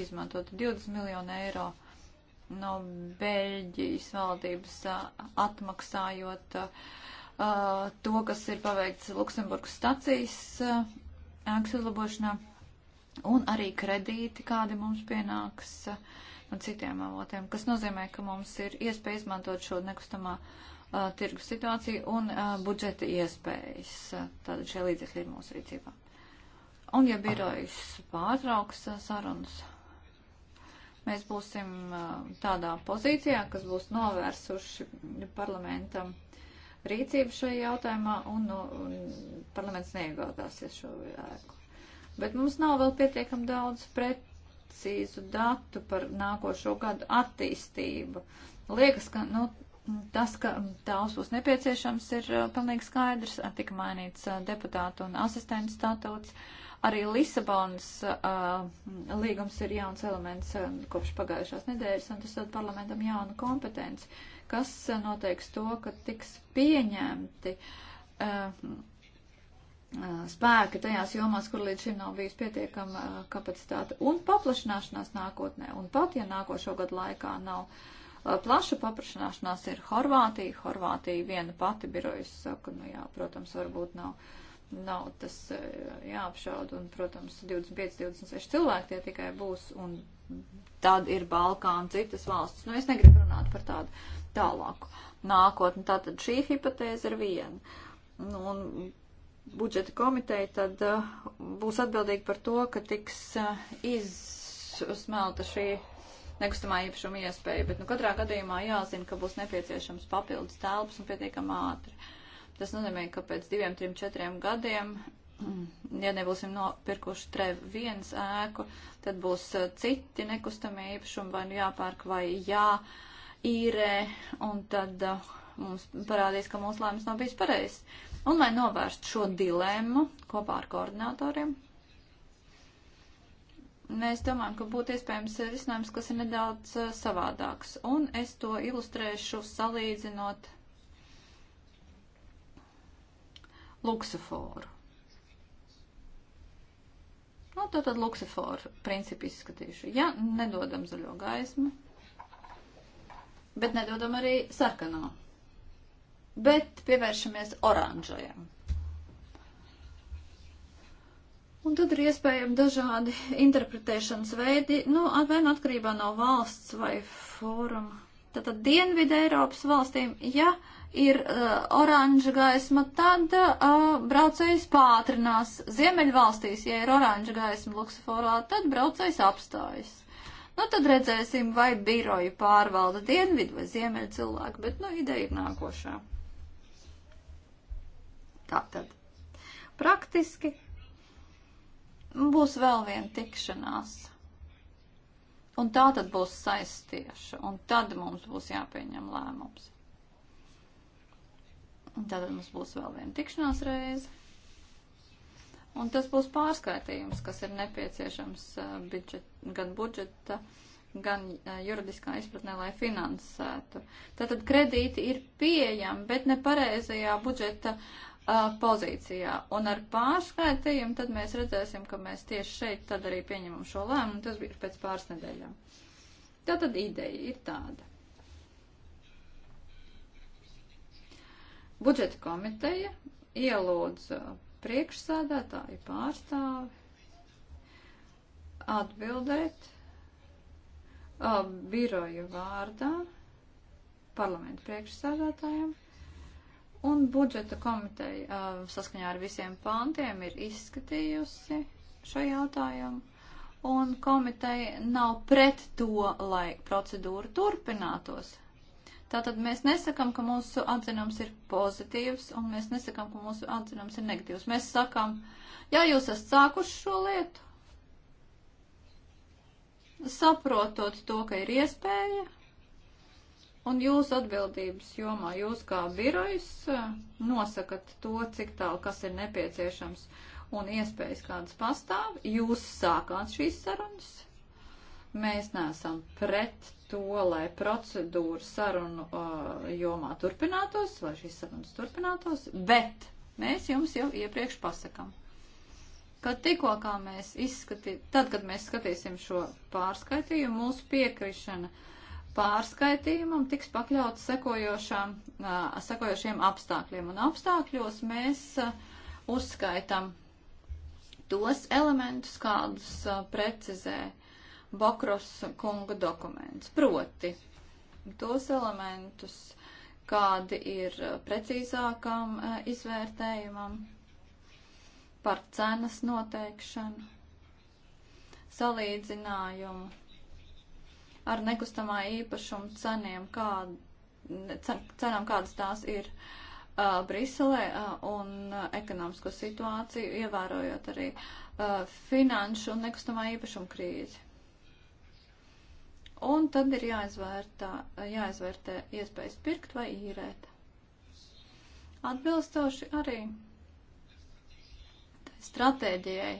izmantot 20 miljonu eiro no Beļģijas valdības uh, atmaksājot uh, to, kas ir paveikts Luksemburgas stacijas uh, ēkas uzlabošanā, un arī kredīti, kādi mums pienāks. Uh, un citiem avotiem, kas nozīmē, ka mums ir iespēja izmantot šo nekustamā uh, tirgu situāciju un uh, budžeta iespējas. Tātad šie līdzekļi ir mūsu rīcībā. Un ja birojas pārtrauks uh, sarunas, mēs būsim uh, tādā pozīcijā, kas būs novērsuši parlamentam rīcību šajā jautājumā, un, no, un parlaments neiegādāsies šo ēku. Bet mums nav vēl pietiekam daudz pret precīzu datu par nākošo gadu attīstību. Liekas, ka nu, tas, ka tāls būs nepieciešams, ir uh, pilnīgi skaidrs. Tika mainīts uh, deputātu un asistentu statūts. Arī Lisabonas uh, līgums ir jauns elements uh, kopš pagājušās nedēļas, un tas dod parlamentam jaunu kompetenci, kas uh, noteiks to, ka tiks pieņemti uh, spēki tajās jomās, kur līdz šim nav bijis pietiekama kapacitāte, un paplašināšanās nākotnē. Un pat, ja nākošo gadu laikā nav plaša paplašināšanās, ir Horvātija. Horvātija viena pati birojas saka, nu jā, protams, varbūt nav, nav tas jāapšaud, un, protams, 25-26 cilvēki tie tikai būs, un tad ir Balkāna citas valstis. Nu, es negribu runāt par tādu tālāku nākotni. Tātad šī hipotēze ir viena. Nu, un budžeta komiteja, tad uh, būs atbildīga par to, ka tiks uh, izsmelta šī nekustamā īpašuma iespēja. Bet nu, katrā gadījumā jāzina, ka būs nepieciešams papildus telpas un pietiekami ātri. Tas nozīmē, ka pēc diviem, trim, četriem gadiem, ja nebūsim nopirkuši trev viens ēku, tad būs uh, citi nekustamie īpašumi vai nu jāpērk vai jāīrē, un tad uh, mums parādīs, ka mūsu lēmums nav bijis pareizs Un, lai novērstu šo dilemmu kopā ar koordinatoriem, mēs domājam, ka būtu iespējams risinājums, kas ir nedaudz eh, savādāks. Un es to ilustrēšu salīdzinot luksuforu. Nu, tad, tad luksuforu principu izskatīšu. Ja nedodam zaļo gaismu, bet nedodam arī sarkano. Bet pievēršamies oranžajam. Un tad ir iespējami dažādi interpretēšanas veidi, nu, vien nu atkarībā no valsts vai fóruma. Tātad Dienvidu Eiropas valstīm, ja ir uh, oranža gaisma, tad uh, braucējs pātrinās. Ziemeļvalstīs, ja ir oranža gaisma luksuforā, tad braucējs apstājas. Nu, tad redzēsim, vai biroji pārvalda dienvidu vai ziemeļu cilvēku, bet, nu, ideja ir nākošā. Tātad praktiski būs vēl viena tikšanās. Un tā tad būs saistieša, un tad mums būs jāpieņem lēmums. Un tad mums būs vēl viena tikšanās reize. Un tas būs pārskaitījums, kas ir nepieciešams uh, budžet, gan budžeta, gan uh, juridiskā izpratnē, lai finansētu. Tātad kredīti ir pieejami, bet nepareizajā budžeta uh, pozīcijā. Un ar pārskaitījumu tad mēs redzēsim, ka mēs tieši šeit tad arī pieņemam šo lēmumu. Tas bija pēc pāris nedēļām. Tā tad ideja ir tāda. Budžeta komiteja ielūdza priekšsādātāju pārstāvi atbildēt uh, biroju vārdā parlamentu priekšsādātājiem Un budžeta komiteja uh, saskaņā ar visiem pantiem ir izskatījusi šo jautājumu. Un komiteja nav pret to, lai procedūra turpinātos. Tātad mēs nesakām, ka mūsu atzinums ir pozitīvs, un mēs nesakām, ka mūsu atzinums ir negatīvs. Mēs sakām, jā, jūs esat sākuši šo lietu, saprotot to, ka ir iespēja, Un jūsu atbildības jomā jūs kā birojs eh, nosakat to, cik tālu kas ir nepieciešams un iespējas kādas pastāv. Jūs sākāt šīs sarunas. Mēs neesam pret to, lai procedūra sarunu uh, jomā turpinātos, lai šīs sarunas turpinātos, bet mēs jums jau iepriekš pasakam. Kad tikko kā mēs izskatīsim, tad, kad mēs skatīsim šo pārskaitījumu, mūsu piekrišana uh, pārskaitījumam tiks pakļauts sekojošām, sekojošiem apstākļiem. Un apstākļos mēs uzskaitam tos elementus, kādus precizē Bokros kunga dokuments. Proti, tos elementus, kādi ir precīzākam izvērtējumam par cenas noteikšanu, salīdzinājumu ar nekustamā īpašuma ceniem, kā, cenām, kādas tās ir uh, Briselē uh, un uh, ekonomisko situāciju, ievērojot arī uh, finanšu un nekustamā īpašuma krīzi. Un tad ir jāizvērtā, jāizvērtē iespējas pirkt vai īrēt. Atbilstoši arī stratēģijai,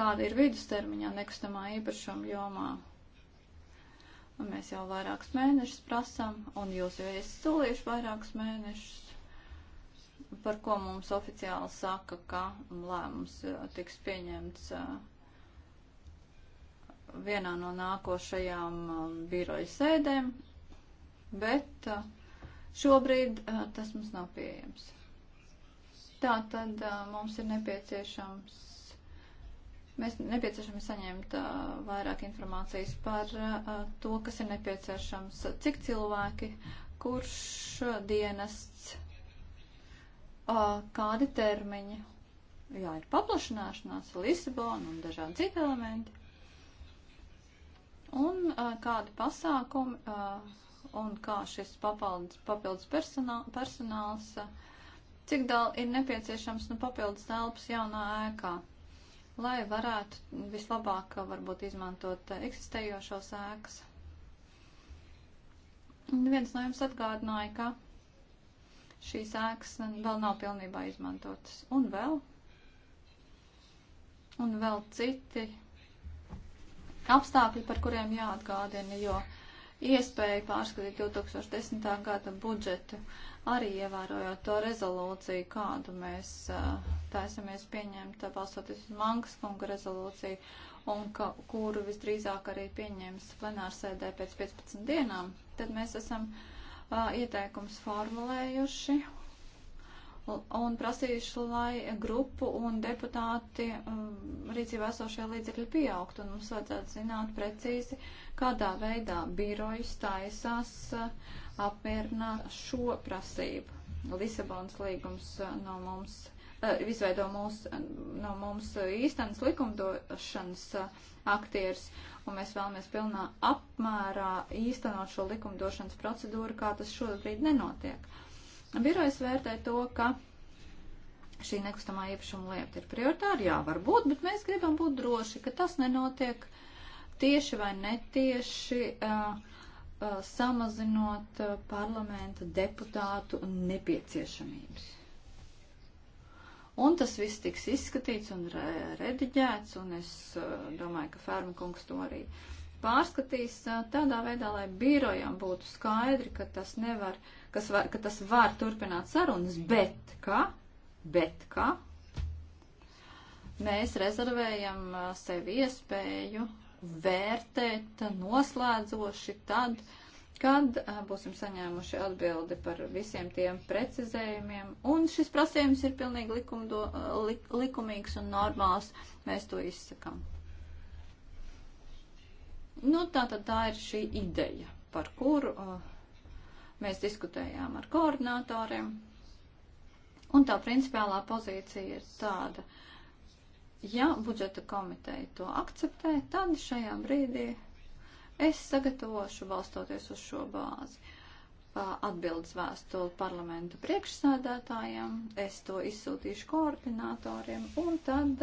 kāda ir vidustermiņā nekustamā īpašuma jomā, Un mēs jau vairākus mēnešus prasām, un jūs jau esat solījuši vairākus mēnešus, par ko mums oficiāli saka, ka lēmums uh, tiks pieņemts uh, vienā no nākošajām um, biroja sēdēm, bet uh, šobrīd tas mums nav pieejams. Tā tad mums ir nepieciešams Mēs nepieciešams saņemt uh, vairāk informācijas par uh, to, kas ir nepieciešams, cik cilvēki, kurš dienests, uh, kādi termiņi. Jā, ir paplašināšanās, Lisabona un dažādi citi elementi. Un uh, kādi pasākumi uh, un kā šis papildus, papildus personā, personāls, uh, cik daudz ir nepieciešams nu, papildus telpas jaunā ēkā lai varētu vislabāk varbūt izmantot eksistējošos ēkas. Viens no jums atgādināja, ka šīs ēkas vēl nav pilnībā izmantotas. Un vēl, un vēl citi apstākļi, par kuriem jāatgādina, jo iespēja pārskatīt 2010. gada budžetu uh, arī ievērojot to rezolūciju, kādu mēs eh, taisamies pieņemt, balstoties uz Mankas kunga rezolūciju, un ka, kuru visdrīzāk arī pieņems plenārsēdē pēc 15 dienām, tad mēs esam uh, ieteikums formulējuši un prasījuši, lai grupu un deputāti um, rīcībā esošie līdzekļi pieaugtu, un mums vajadzētu zināt precīzi, kādā veidā birojas taisās. Uh, apmierināt šo prasību. Lisabonas līgums uh, no mums, uh, izveido mūs, uh, no mums īstenas likumdošanas aktieris, un mēs vēlamies pilnā apmērā īstenot šo likumdošanas procedūru, kā tas šobrīd nenotiek. Birojas vērtē to, ka šī nekustamā īpašuma lieta ir prioritāra, jā, varbūt, bet mēs gribam būt droši, ka tas nenotiek tieši vai netieši. Uh, Uh, samazinot uh, parlamenta deputātu nepieciešamības. Un tas viss tiks izskatīts un re rediģēts, un es uh, domāju, ka Fērma kungs to arī pārskatīs tādā veidā, lai birojam būtu skaidri, ka tas, nevar, kas var, ka tas var turpināt sarunas, bet ka, bet ka mēs rezervējam sev iespēju uh, vērtēt noslēdzoši tad, kad būsim saņēmuši atbildi par visiem tiem precizējumiem. Un šis prasījums ir pilnīgi likumdo, lik, likumīgs un normāls. Mēs to izsakam. Nu, tā tad tā ir šī ideja, par kuru uh, mēs diskutējām ar koordinatoriem. Un tā principālā pozīcija ir tāda. Uh, ja budžeta komiteja to akceptē, tad šajā brīdī es sagatavošu, balstoties uz šo bāzi, atbildes vēstuli parlamentu priekšsēdētājiem, es to izsūtīšu koordinatoriem un tad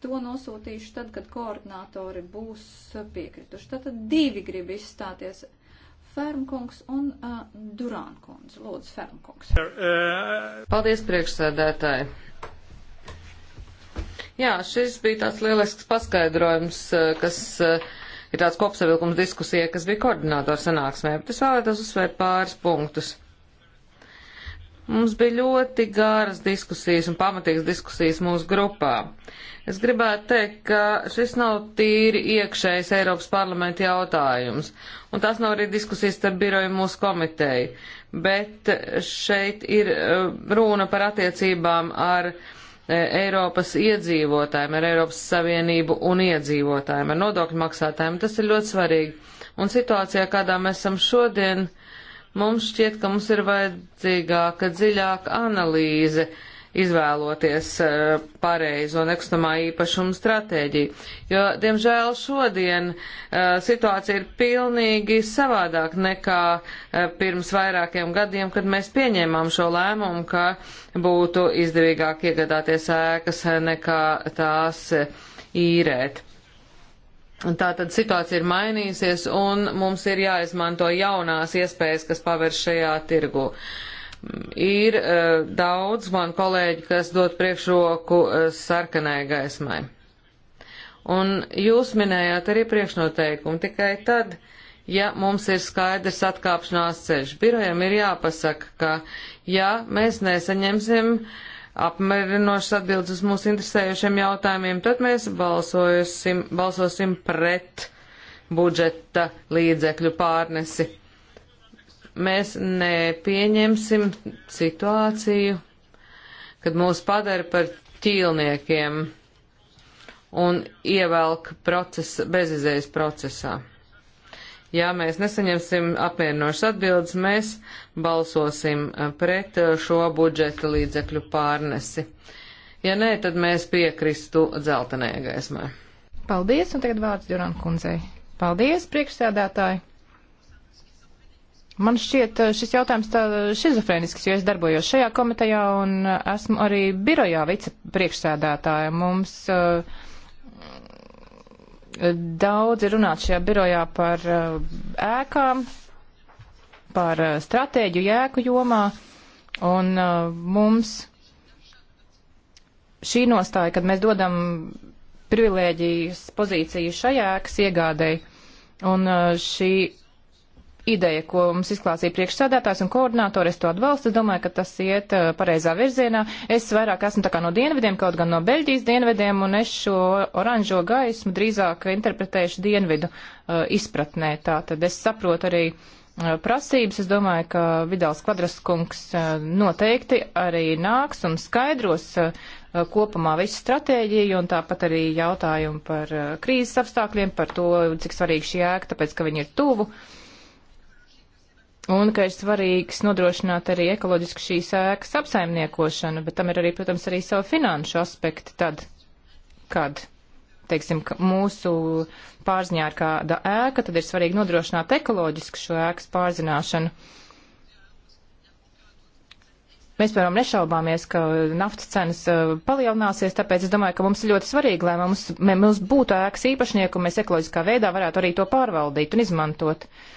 to nosūtīšu tad, kad koordinatori būs piekrituši. Tātad divi grib izstāties. Fermkungs un uh, Durānkungs. Lūdzu, Fermkungs. Paldies, priekšsēdētāji. Jā, šis bija tāds lielisks paskaidrojums, eh, kas eh, ir tāds kopsavilkums diskusija, kas bija koordinātora sanāksmē, bet es vēlētos uzsvērt pāris punktus. Mums bija ļoti gāras diskusijas un pamatīgas diskusijas mūsu grupā. Es gribētu teikt, ka šis nav tīri iekšējs Eiropas parlamenta jautājums, un tās nav arī diskusijas starp biroju mūsu komiteju, bet šeit ir eh, runa par attiecībām ar uh, E, Eiropas iedzīvotājiem, ar Eiropas Savienību un iedzīvotājiem, ar nodokļu maksātājiem. Tas ir ļoti svarīgi. Un situācijā, kādā mēs esam šodien, mums šķiet, ka mums ir vajadzīgāka, dziļāka analīze uh, izvēloties eh, pareizo nekustamā īpašuma stratēģiju. Jo, diemžēl, šodien eh, situācija ir pilnīgi savādāk nekā eh, pirms vairākiem gadiem, kad mēs pieņēmām šo lēmumu, ka būtu izdevīgāk iegādāties ēkas nekā tās īrēt. Tā tad situācija ir mainījusies, un mums ir jāizmanto jaunās iespējas, kas paver šajā tirgu. Uh, ir uh, daudz man kolēģi, kas dod priekšroku uh, sarkanai gaismai. Un jūs minējāt arī priekšnoteikumu tikai tad, ja mums ir skaidrs atkāpšanās ceļš. Birojam ir jāpasaka, ka ja mēs nesaņemsim apmierinošas atbildes uz mūsu interesējušiem jautājumiem, tad mēs balsosim, balsosim pret budžeta līdzekļu pārnesi Mēs nepieņemsim situāciju, kad mūs padara par ķīlniekiem un ievelk procesa, bezizējas procesā. Ja mēs nesaņemsim apmierinošas atbildes, mēs balsosim eh, pret eh, šo budžeta līdzekļu pārnesi. Ja nē, tad mēs piekristu dzeltenē gaismai. Paldies, un tagad vārds Duran kundzei. Paldies, priekšsēdētāji! Man šķiet eh, šis jautājums tā šizofrēnisks, jo es darbojos šajā komitejā un esmu arī birojā vicepriekšsēdētāja. Mums uh, eh, daudz ir runāts šajā birojā par uh, ēkām, par uh, stratēģu jēku jomā, un mums šī nostāja, kad mēs dodam privilēģijas pozīciju šajā ēkas iegādēji, un šī ideja, ko mums izklāsīja priekšsādātājs un koordinātori, es to atbalstu, es domāju, ka tas iet uh, pareizā virzienā. Es vairāk esmu tā kā no dienvidiem, kaut gan no Beļģijas dienvidiem, un es šo oranžo gaismu drīzāk interpretēšu dienvidu uh, izpratnē. Tā tad es saprotu arī uh, prasības. Es domāju, ka Vidāls Kvadraskungs noteikti arī nāks un skaidros kopumā visu stratēģiju un tāpat arī jautājumu par krīzes apstākļiem, par to, cik svarīgi šī ēka, tāpēc, ka viņi ir tuvu. Uh, un ka ir svarīgs nodrošināt arī ekoloģisku šīs ēkas apsaimniekošanu, bet tam ir arī, protams, arī savu finanšu aspektu tad, kad, teiksim, mūsu pārziņā ir kāda ēka, tad ir svarīgi nodrošināt ekoloģisku šo ēkas pārzināšanu. Mēs, piemēram, nešaubāmies, ka naftas cenas uh, palielināsies, tāpēc es domāju, ka mums ir ļoti svarīgi, lai mums, mums būtu ēkas īpašnieku, un mēs ekoloģiskā veidā varētu arī to pārvaldīt un izmantot. Uh,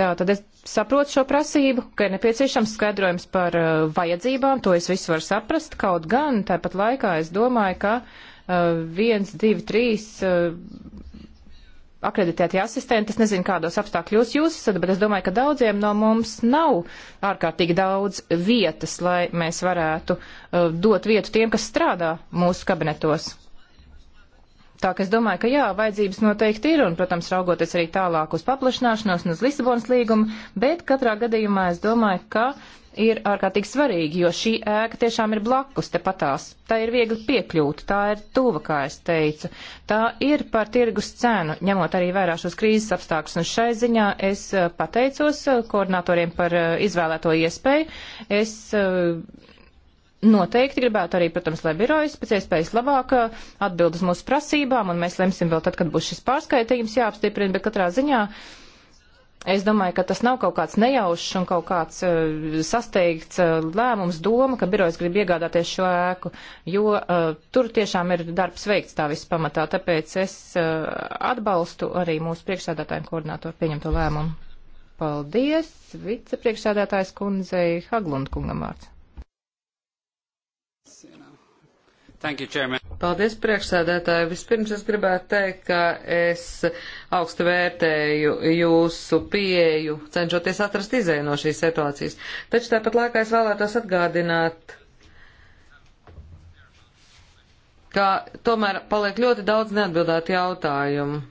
Tātad es saprotu šo prasību, ka ir nepieciešams skaidrojums par uh, vajadzībām, to es visu varu saprast, kaut gan tāpat laikā es domāju, ka uh, viens, divi, trīs uh, akreditēti asistenti, es nezinu, kādos apstākļos jūs esat, bet es domāju, ka daudziem no mums nav ārkārtīgi daudz vietas, lai mēs varētu uh, dot vietu tiem, kas strādā mūsu kabinetos. Tā ka es domāju, ka jā, vajadzības noteikti ir, un, protams, raugoties arī tālāk uz paplašināšanos un uz Lisabonas līgumu, bet katrā gadījumā es domāju, ka ir ārkārtīgi svarīgi, jo šī ēka tiešām ir blakus tepatās. Tā ir viegli piekļūt, tā ir tuva, kā es teicu. Tā ir par tirgus cenu, ņemot arī vērā šos krīzes apstākļus, un šai ziņā es eh, pateicos eh, koordinatoriem par eh, izvēlēto iespēju. Es Noteikti gribētu arī, protams, lai birojas pēc iespējas labāk uh, atbild uz mūsu prasībām, un mēs lemsim vēl tad, kad būs šis pārskaitījums jāapstiprina, bet katrā ziņā es domāju, ka tas nav kaut kāds nejaušs un kaut kāds uh, sasteigts uh, lēmums doma, ka birojas grib iegādāties šo ēku, jo uh, tur tiešām ir darbs veikts tā viss pamatā, tāpēc es uh, atbalstu arī mūsu priekšsēdētājiem koordinātoru pieņemto lēmumu. Paldies, vicepriekšsēdētājs kundzei Haglund kungam vārds. Thank you, Chairman. Paldies, priekšsēdētāji. Vispirms es gribētu teikt, ka es augstu vērtēju jūsu pieeju, cenšoties atrast izēju no šīs situācijas. Taču tāpat laikā es vēlētos atgādināt, ka tomēr paliek ļoti daudz neatbildētu jautājumu.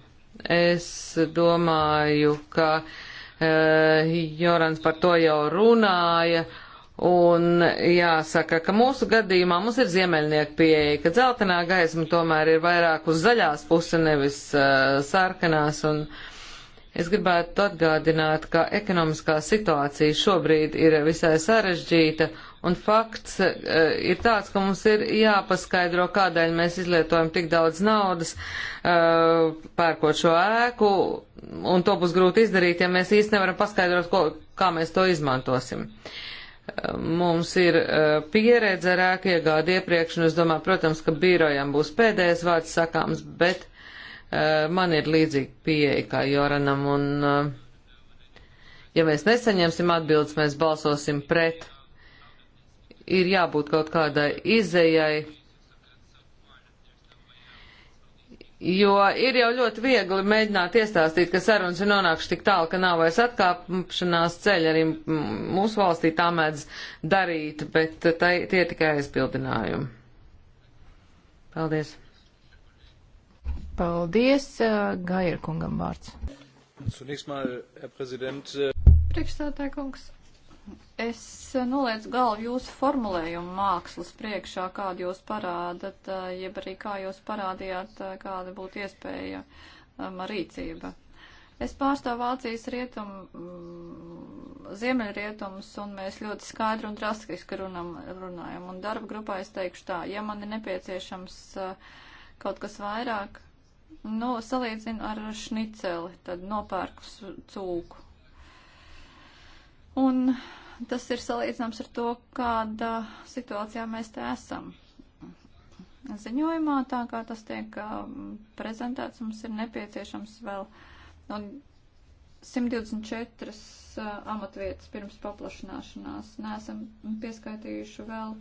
Es domāju, ka uh, Jorans par to jau runāja. Uh, Un jāsaka, ka mūsu gadījumā mums ir ziemeļnieku pieeja, ka dzeltenā gaisma tomēr ir vairāk uz zaļās puse, nevis uh, sarkanās. Un es gribētu atgādināt, ka ekonomiskā situācija šobrīd ir visai sarežģīta. Un fakts uh, ir tāds, ka mums ir jāpaskaidro, kādēļ mēs izlietojam tik daudz naudas, uh, pērkot šo ēku, un to būs grūti izdarīt, ja mēs īsti nevaram paskaidrot, ko, kā mēs to izmantosim. Uh, Mums ir eh, pieredze ar ēku iegādi iepriekš, un es domāju, protams, ka birojam būs pēdējais vārds sakāms, bet eh, man ir līdzīga pieeja kā Joranam, un eh, ja mēs nesaņemsim atbildes, mēs balsosim pret. Ir jābūt kaut kādai izējai Jo ir jau ļoti viegli mēģināt iestāstīt, ka sarunas ir nonākušas tik tālu, ka nav vairs atkāpšanās ceļa. Arī mūsu valstī tā mēdz darīt, bet tai, tie tikai aizpildinājumi. Paldies. Paldies. Gaira kungam vārds. Priekšstādāja kungs. Es nolieku galvu jūsu formulējumu mākslas priekšā, kādu jūs parādat, eh, jeb arī kā jūs parādījāt, eh, kāda būtu iespējama eh, rīcība. Es pārstāvu Vācijas rietumu, mm, ziemeļrietumus, un mēs ļoti skaidri un drastiski runam, runājam. Un darba grupā es teikšu tā, ja man ir nepieciešams kaut kas vairāk, nu, salīdzinu ar šniceli, tad nopērku cūku. Un tas ir salīdzināms ar to, kādā situācijā mēs te esam. Ziņojumā, tā kā tas tiek um, prezentēts, mums ir nepieciešams vēl no nu, 124 uh, amatvietas pirms paplašanāšanās. Nesam pieskaitījuši vēl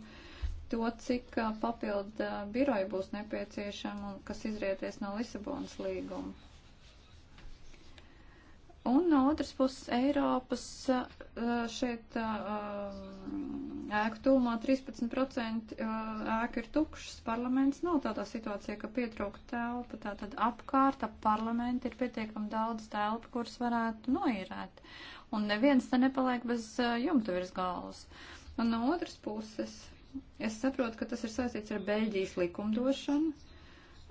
to, cik uh, papildu uh, biroju būs nepieciešama, kas izrieties no Lisabonas līguma. Un no otras puses Eiropas eh, šeit eh, ēku tūmā 13% eh, ēku ir tukšas, parlaments nav tādā situācijā, ka pietrūkst telpa, tātad apkārt ap parlamentu ir pietiekami daudz telpa, kuras varētu noīrēt. Un neviens te nepaliek bez jumta virs galvas. Un no otras puses es saprotu, ka tas ir saistīts ar Beļģijas likumdošanu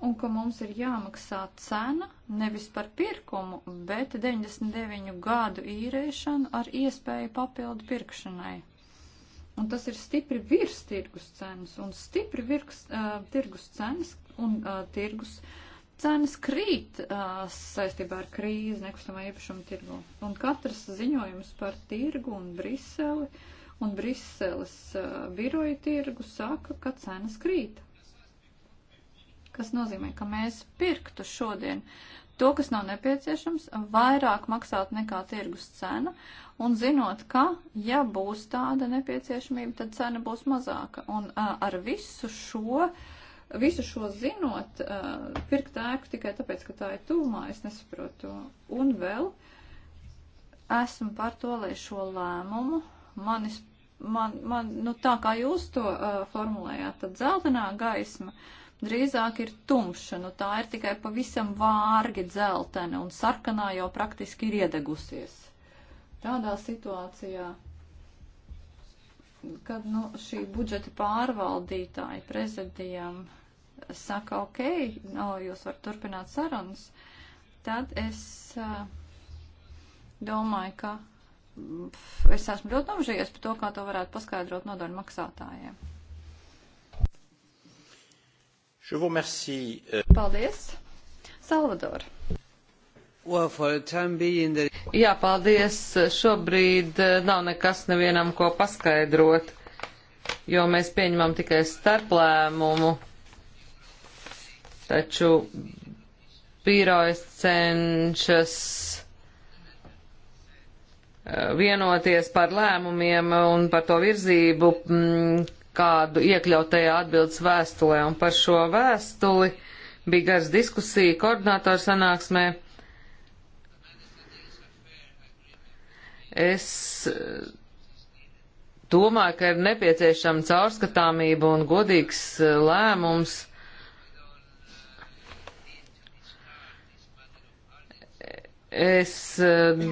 un ka mums ir jāmaksā cena nevis par pirkumu, bet 99 gadu īrēšanu ar iespēju papildu pirkšanai. Un tas ir stipri virs tirgus cenas, un stipri virs uh, tirgus cenas, un uh, tirgus cenas krīt uh, saistībā ar krīzi nekustamā īpašuma tirgu. Un katrs ziņojums par tirgu un Briseli un Briseles uh, biroja tirgu saka, ka cenas krīta kas nozīmē, ka mēs pirktu šodien to, kas nav nepieciešams, vairāk maksāt nekā tirgus cena, un zinot, ka, ja būs tāda nepieciešamība, tad cena būs mazāka. Un uh, ar visu šo, visu šo zinot, uh, pirkt ēku tikai tāpēc, ka tā ir tuvumā, es nesaprotu to. Un vēl esmu par to, lai šo lēmumu manis, man, man, nu tā kā jūs to uh, formulējāt, tad zeltainā gaisma. Uh, drīzāk ir tumša, nu tā ir tikai pavisam vārgi dzeltena un sarkanā jau praktiski ir iedegusies. Tādā situācijā, kad nu, šī budžeta pārvaldītāja prezidijam saka, ok, no, jūs varat turpināt sarunas, tad es eh, domāju, ka es esmu ļoti nožējies par to, kā to varētu paskaidrot nodaļu maksātājiem. Euh, paldies! Salvador! Jā, paldies. Šobrīd eh, nav nekas nevienam, ko paskaidrot, jo mēs pieņemam tikai starplēmumu. Taču pīrojas cenšas eh, vienoties par lēmumiem un par to virzību, mm, kādu iekļautajā atbildes vēstulē, un par šo vēstuli bija garas diskusija koordinātoru sanāksmē. Es eh, domāju, ka ir nepieciešama caurskatāmība un godīgs eh, lēmums. Es eh,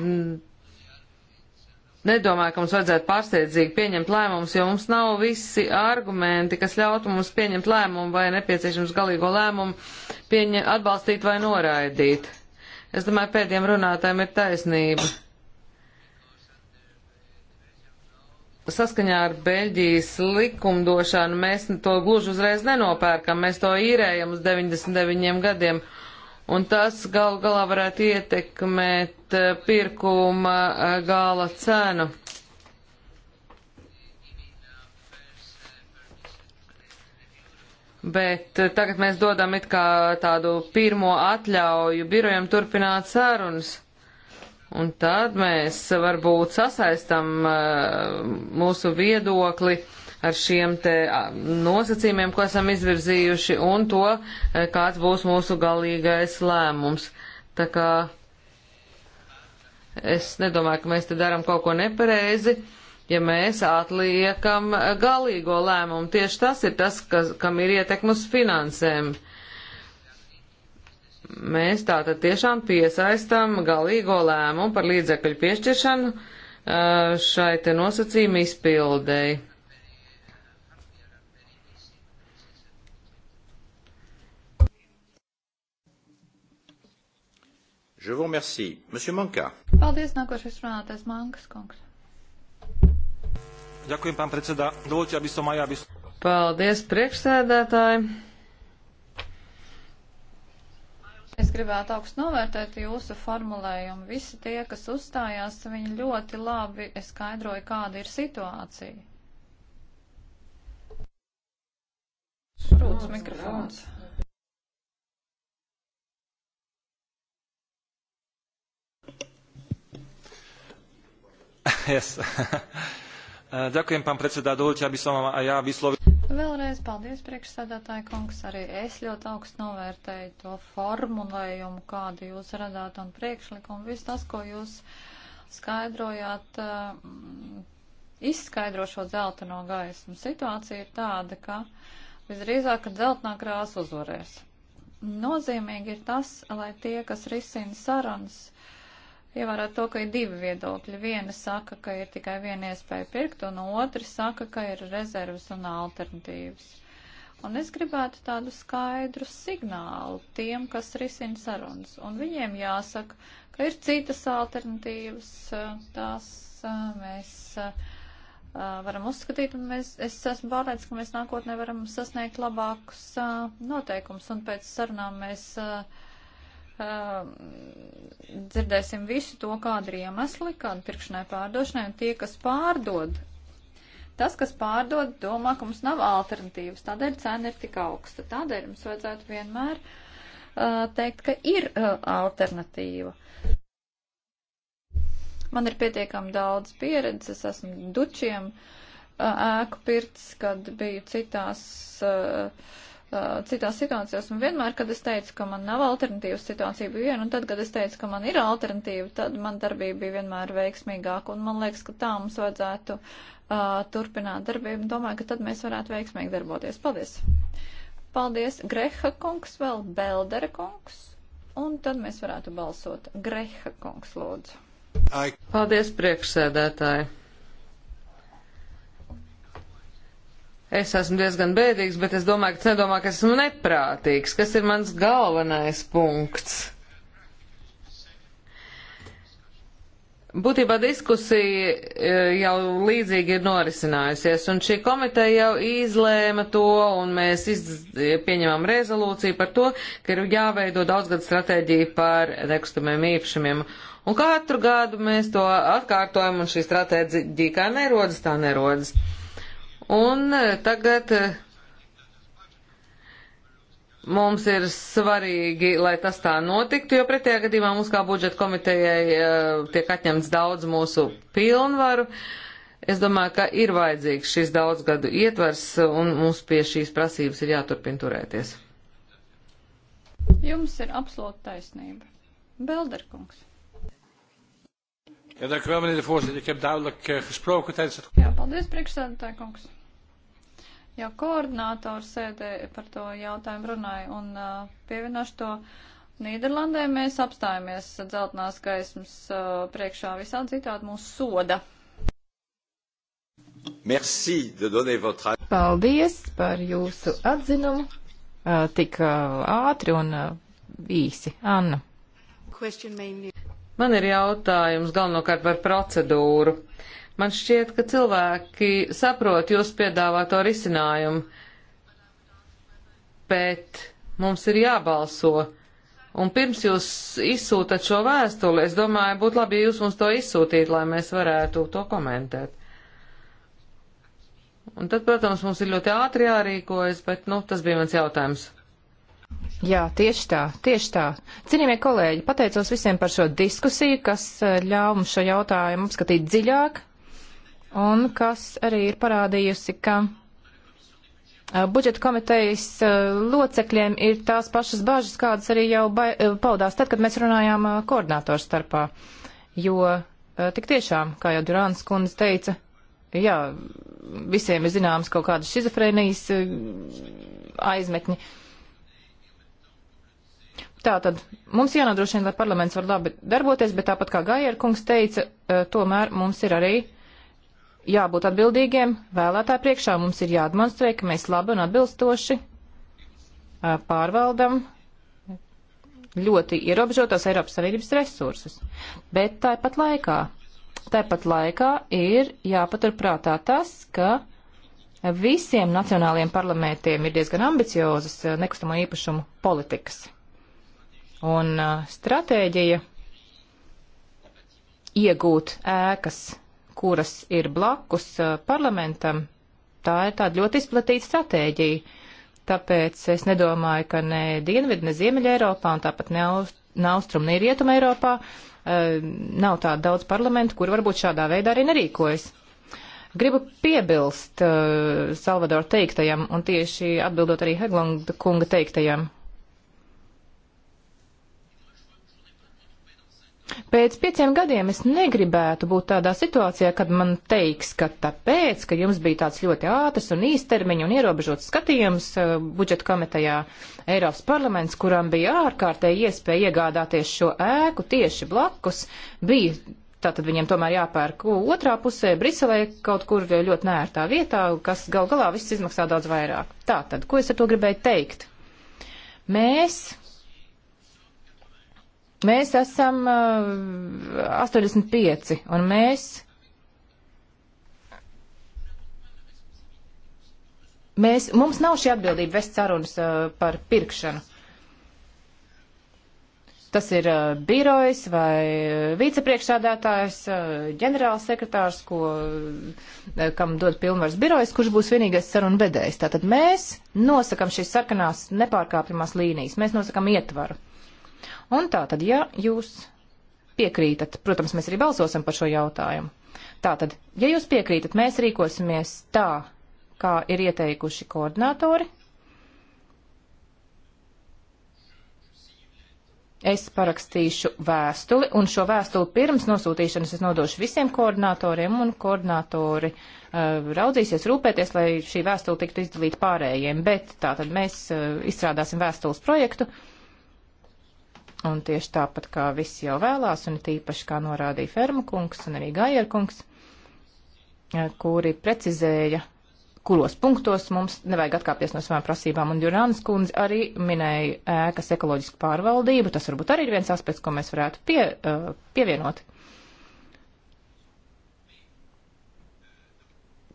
nedomāju, ka mums vajadzētu pārsteidzīgi pieņemt lēmumus, jo mums nav visi argumenti, kas ļautu mums pieņemt lēmumu vai nepieciešams galīgo lēmumu pieņem, atbalstīt vai noraidīt. Es domāju, pēdējiem runātājiem ir taisnība. Saskaņā ar Beļģijas likumdošanu mēs to gluži uzreiz nenopērkam, mēs to īrējam uz 99 gadiem un tas gal galā varētu ietekmēt eh, pirkuma eh, gala cenu. Bet eh, tagad mēs dodam it kā tādu pirmo atļauju birojam turpināt sarunas. Un tad mēs varbūt sasaistam mūsu viedokli uh, ar šiem te nosacījumiem, ko esam izvirzījuši, un to, e, kāds būs mūsu galīgais lēmums. Tā kā es nedomāju, ka mēs te daram kaut ko nepareizi, ja mēs atliekam galīgo lēmumu. Tieši tas ir tas, kas, kam ir ietekmas finansēm. Mēs tātad tiešām piesaistam galīgo lēmumu par līdzekļu piešķiršanu e, šai te nosacījumu izpildēji. Je vous remercie. Monsieur Manka. Paldies, nākošais runātais Mankas kungs. Ďakujem, pán predsedā. Dovolte, aby som aj ja by som... Paldies, priekšsēdētāji. Es gribētu augstu novērtēt jūsu formulējumu. Visi tie, kas uzstājās, viņi ļoti labi skaidroja, kāda ir situācija. Prūts mikrofons. Jā. Yes. Eh, ďakujem, pán predsedā, dovolte, aby som vám aj ja vyslovil. Vēlreiz paldies, priekšsēdētāji kungs, arī es ļoti augstu novērtēju to formulējumu, kādu jūs radāt un priekšlikumu. Viss tas, ko jūs skaidrojāt, eh, izskaidro šo dzelteno gaismu. Situācija ir tāda, ka visdrīzāk, ka dzeltenā krāsa uzvarēs. Nozīmīgi ir tas, lai tie, kas risina sarunas, uh, ievērot to, ka ir divi viedokļi. Viena saka, ka ir tikai viena iespēja pirkt, un otra saka, ka ir rezervas un alternatīvas. Un es gribētu tādu skaidru signālu tiem, kas risina sarunas. Un viņiem jāsaka, ka ir citas alternatīvas, tās mēs varam uzskatīt, un mēs, es esmu pārliecināts, ka mēs nākotnē varam sasniegt labākus noteikumus, un pēc sarunām mēs uh, uh, dzirdēsim visu to, kāda ir iemesli, kāda pirkšanai pārdošanai, un tie, kas pārdod, tas, kas pārdod, domā, ka mums nav alternatīvas, tādēļ cena ir tik augsta. Tādēļ mums vajadzētu vienmēr uh, teikt, ka ir uh, alternatīva. Man ir pietiekami daudz pieredzes, es esmu dučiem ēku pirts, kad biju citās. Uh, citās situācijās, un vienmēr, kad es teicu, ka man nav alternatīvas, situācija bija viena, un tad, kad es teicu, ka man ir alternatīva, tad man darbība bija vienmēr veiksmīgāka, un man liekas, ka tā mums vajadzētu uh, turpināt darbību, un domāju, ka tad mēs varētu veiksmīgi darboties. Paldies! Paldies, Greha kungs, vēl Beldera kungs, un tad mēs varētu balsot. Greha kungs, lūdzu. Ai. Paldies, priekšsēdētāji! Es esmu diezgan bēdīgs, bet es domāju, ka tu nedomā, ka esmu neprātīgs. Kas ir mans galvenais punkts? Būtībā diskusija e, jau līdzīgi ir norisinājusies, un šī komiteja jau izlēma to, un mēs iz, e, pieņemam rezolūciju par to, ka ir jāveido daudzgad stratēģija par nekustamiem īpašumiem. Un katru gadu mēs to atkārtojam, un šī stratēģija kā nerodas, tā nerodas. Uh, Un e, tagad e, mums ir svarīgi, lai tas tā notiktu, jo pretējā gadījumā mums kā budžeta komitejai e, tiek atņemts daudz mūsu pilnvaru. Es domāju, ka ir vajadzīgs šis daudzgadu ietvers, un mums pie šīs prasības ir jāturpina turēties. Jums ir absolūta taisnība. Belderkungs. Ja, dank u wel, meneer de voorzitter. Ik heb duidelijk uh, gesproken tijdens het... Ja, paldies, priekšsēdētāj, kungs. Jau koordinātors sēdē par to jautājumu runāja un uh, pievienošu to. Nīderlandē mēs apstājamies dzeltenās gaismas uh, priekšā visādi citādi mūsu soda. Merci de donner votre avis. Paldies par jūsu atzinumu. Uh, tik uh, ātri un uh, īsi. Anna. Man ir jautājums galvenokārt par procedūru. Man šķiet, ka cilvēki saprot jūs piedāvāto risinājumu, bet mums ir jābalso. Un pirms jūs izsūtat šo vēstuli, es domāju, būtu labi, ja jūs mums to izsūtītu, lai mēs varētu to komentēt. Un tad, protams, mums ir ļoti ātri jārīkojas, bet, nu, tas bija mans jautājums. Jā, tieši tā, tieši tā. Cienījamie kolēģi, pateicos visiem par šo diskusiju, kas eh, ļāva mums šo jautājumu apskatīt dziļāk, un kas arī ir parādījusi, ka budžeta komitejas locekļiem ir tās pašas bažas, kādas arī jau paudās tad, kad mēs runājām koordinātoru starpā. Jo tik tiešām, kā jau Durāns kundze teica, jā, visiem ir zināms kaut kādas šizofrēnijas aizmetņi. Tātad mums jānodrošina, lai parlaments var labi darboties, bet tāpat kā Gajer kungs teica, tomēr mums ir arī uh, jābūt atbildīgiem vēlētāju priekšā. Mums ir jādemonstrē, ka mēs labi un atbilstoši pārvaldam ļoti ierobežotos Eiropas Savienības resursus. Bet tāpat laikā, tāpat laikā ir jāpaturprātā tas, ka visiem nacionālajiem parlamentiem ir diezgan ambiciozas nekustamo īpašumu politikas. Un stratēģija iegūt ēkas kuras ir blakus eh, parlamentam, tā ir tāda ļoti izplatīta stratēģija. Tāpēc es nedomāju, ka ne Dienvidu, ne Ziemeļa Eiropā un tāpat ne, ne Austrum, ne Rietuma Eiropā eh, nav tā daudz parlamentu, kur varbūt šādā veidā arī nerīkojas. Gribu piebilst uh, eh, Salvadoru teiktajam un tieši atbildot arī Heglunga kunga teiktajam. Pēc pieciem gadiem es negribētu būt tādā situācijā, kad man teiks, ka tāpēc, ka jums bija tāds ļoti ātrs un īstermiņa un ierobežots skatījums uh, budžeta komitejā Eiropas parlaments, kuram bija ārkārtēji iespēja iegādāties šo ēku tieši blakus, bija tātad viņiem tomēr jāpērk otrā pusē, Briselē, kaut kur ļoti nērtā vietā, kas gal galā viss izmaksā daudz vairāk. Tātad, ko es ar to gribēju teikt? Mēs Mēs esam uh, 85 un mēs. Mēs, mums nav šī atbildība vest sarunas uh, par pirkšanu. Tas ir uh, birojs vai uh, vicepriekšādātājs, uh, ģenerālsekretārs, ko, uh, kam dod pilnvars birojs, kurš būs vienīgais sarunu vedējs. Tātad mēs nosakam šīs sarkanās nepārkāpjamās līnijas, mēs nosakam ietvaru. Un tā tad, ja jūs piekrītat, protams, mēs arī balsosim par šo jautājumu. Tātad, ja jūs piekrītat, mēs rīkosimies tā, kā ir ieteikuši koordinatori. Es parakstīšu vēstuli, un šo vēstuli pirms nosūtīšanas es nodošu visiem koordinatoriem, un koordinatori uh, raudzīsies, rūpēties, lai šī vēstule tiktu izdalīta pārējiem. Bet tātad mēs uh, izstrādāsim vēstules projektu, uh, Un tieši tāpat kā visi jau vēlās, un tīpaši kā norādīja Ferma kungs un arī Gajer kungs, eh, kuri precizēja, kuros punktos mums nevajag atkāpties no savām prasībām. Un Jurānas kundze arī minēja ēkas ekoloģisku pārvaldību. Tas varbūt arī ir viens aspekts, ko mēs varētu pie, eh, pievienot.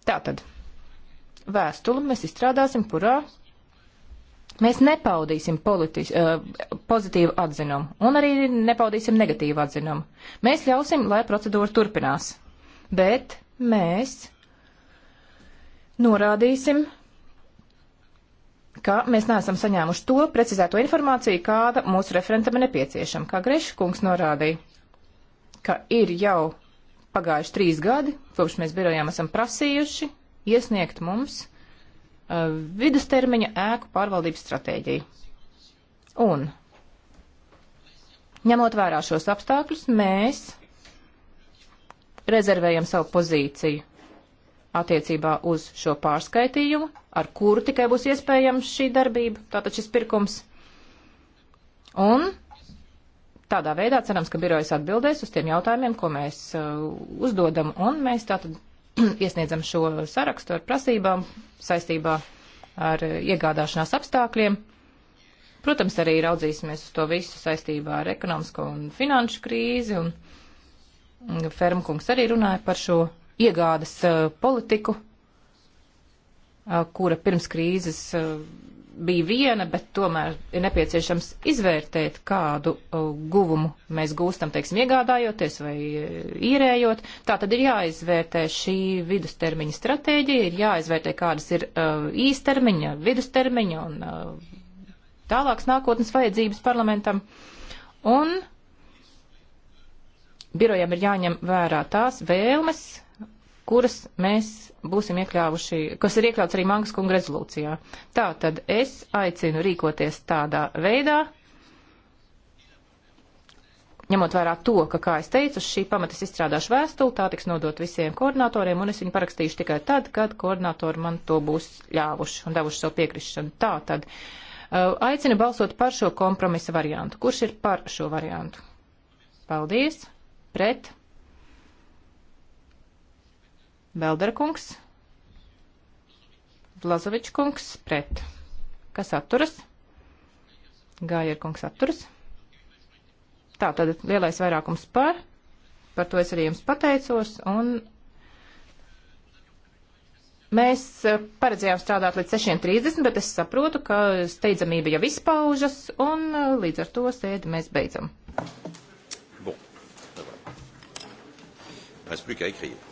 Tātad vēstuli mēs izstrādāsim, kurā mēs nepaudīsim politis, uh, pozitīvu atzinumu un arī nepaudīsim negatīvu atzinumu. Mēs ļausim, lai procedūra turpinās, bet mēs norādīsim, ka mēs neesam saņēmuši to precizēto informāciju, kāda mūsu referentam ir nepieciešama. Kā Greša kungs norādīja, ka ir jau pagājuši trīs gadi, kopš mēs birojām esam prasījuši iesniegt mums uh, Uh, vidustermiņa ēku pārvaldības stratēģiju. Un, ņemot vērā šos apstākļus, mēs rezervējam savu pozīciju attiecībā uz šo pārskaitījumu, ar kuru tikai būs iespējams šī darbība, tātad šis pirkums. Un tādā veidā cerams, ka birojas atbildēs uz tiem jautājumiem, ko mēs uh, uzdodam, un mēs tātad iesniedzam šo sarakstu ar prasībām saistībā ar iegādāšanās apstākļiem. Protams, arī raudzīsimies uz to visu saistībā ar ekonomisko un finanšu krīzi, un Fermkungs arī runāja par šo iegādes uh, politiku, uh, kura pirms krīzes uh, bija viena, bet tomēr ir nepieciešams izvērtēt, kādu uh, guvumu mēs gūstam, teiksim, iegādājoties vai uh, īrējot. Tā tad ir jāizvērtē šī vidustermiņa stratēģija, ir jāizvērtē, kādas ir uh, īstermiņa, vidustermiņa un tālākas nākotnes vajadzības parlamentam. Un birojam ir jāņem vērā tās vēlmes, kuras mēs būsim iekļāvuši, kas ir iekļauts arī Mangas kunga rezolūcijā. Tā tad es aicinu rīkoties tādā veidā, ņemot vērā to, ka, kā es teicu, šī pamata es izstrādāšu vēstuli, tā tiks nodot visiem koordinatoriem, un es viņu parakstīšu tikai tad, kad koordinatori man to būs ļāvuši un devuši savu piekrišanu. Tā tad uh, aicinu balsot par šo kompromisa variantu. Kurš ir par šo variantu? Paldies! Pret! Belderkungs, Blazovičkungs pret. Kas atturas? Gājerkungs atturas. Tā tad lielais vairākums par. Par to es arī jums pateicos. Un mēs eh, paredzējām strādāt līdz 6.30, bet es saprotu, ka steidzamība jau izpaužas un eh, līdz ar to sēdi mēs beidzam. Bon, ça va. Reste plus qu'à écrire.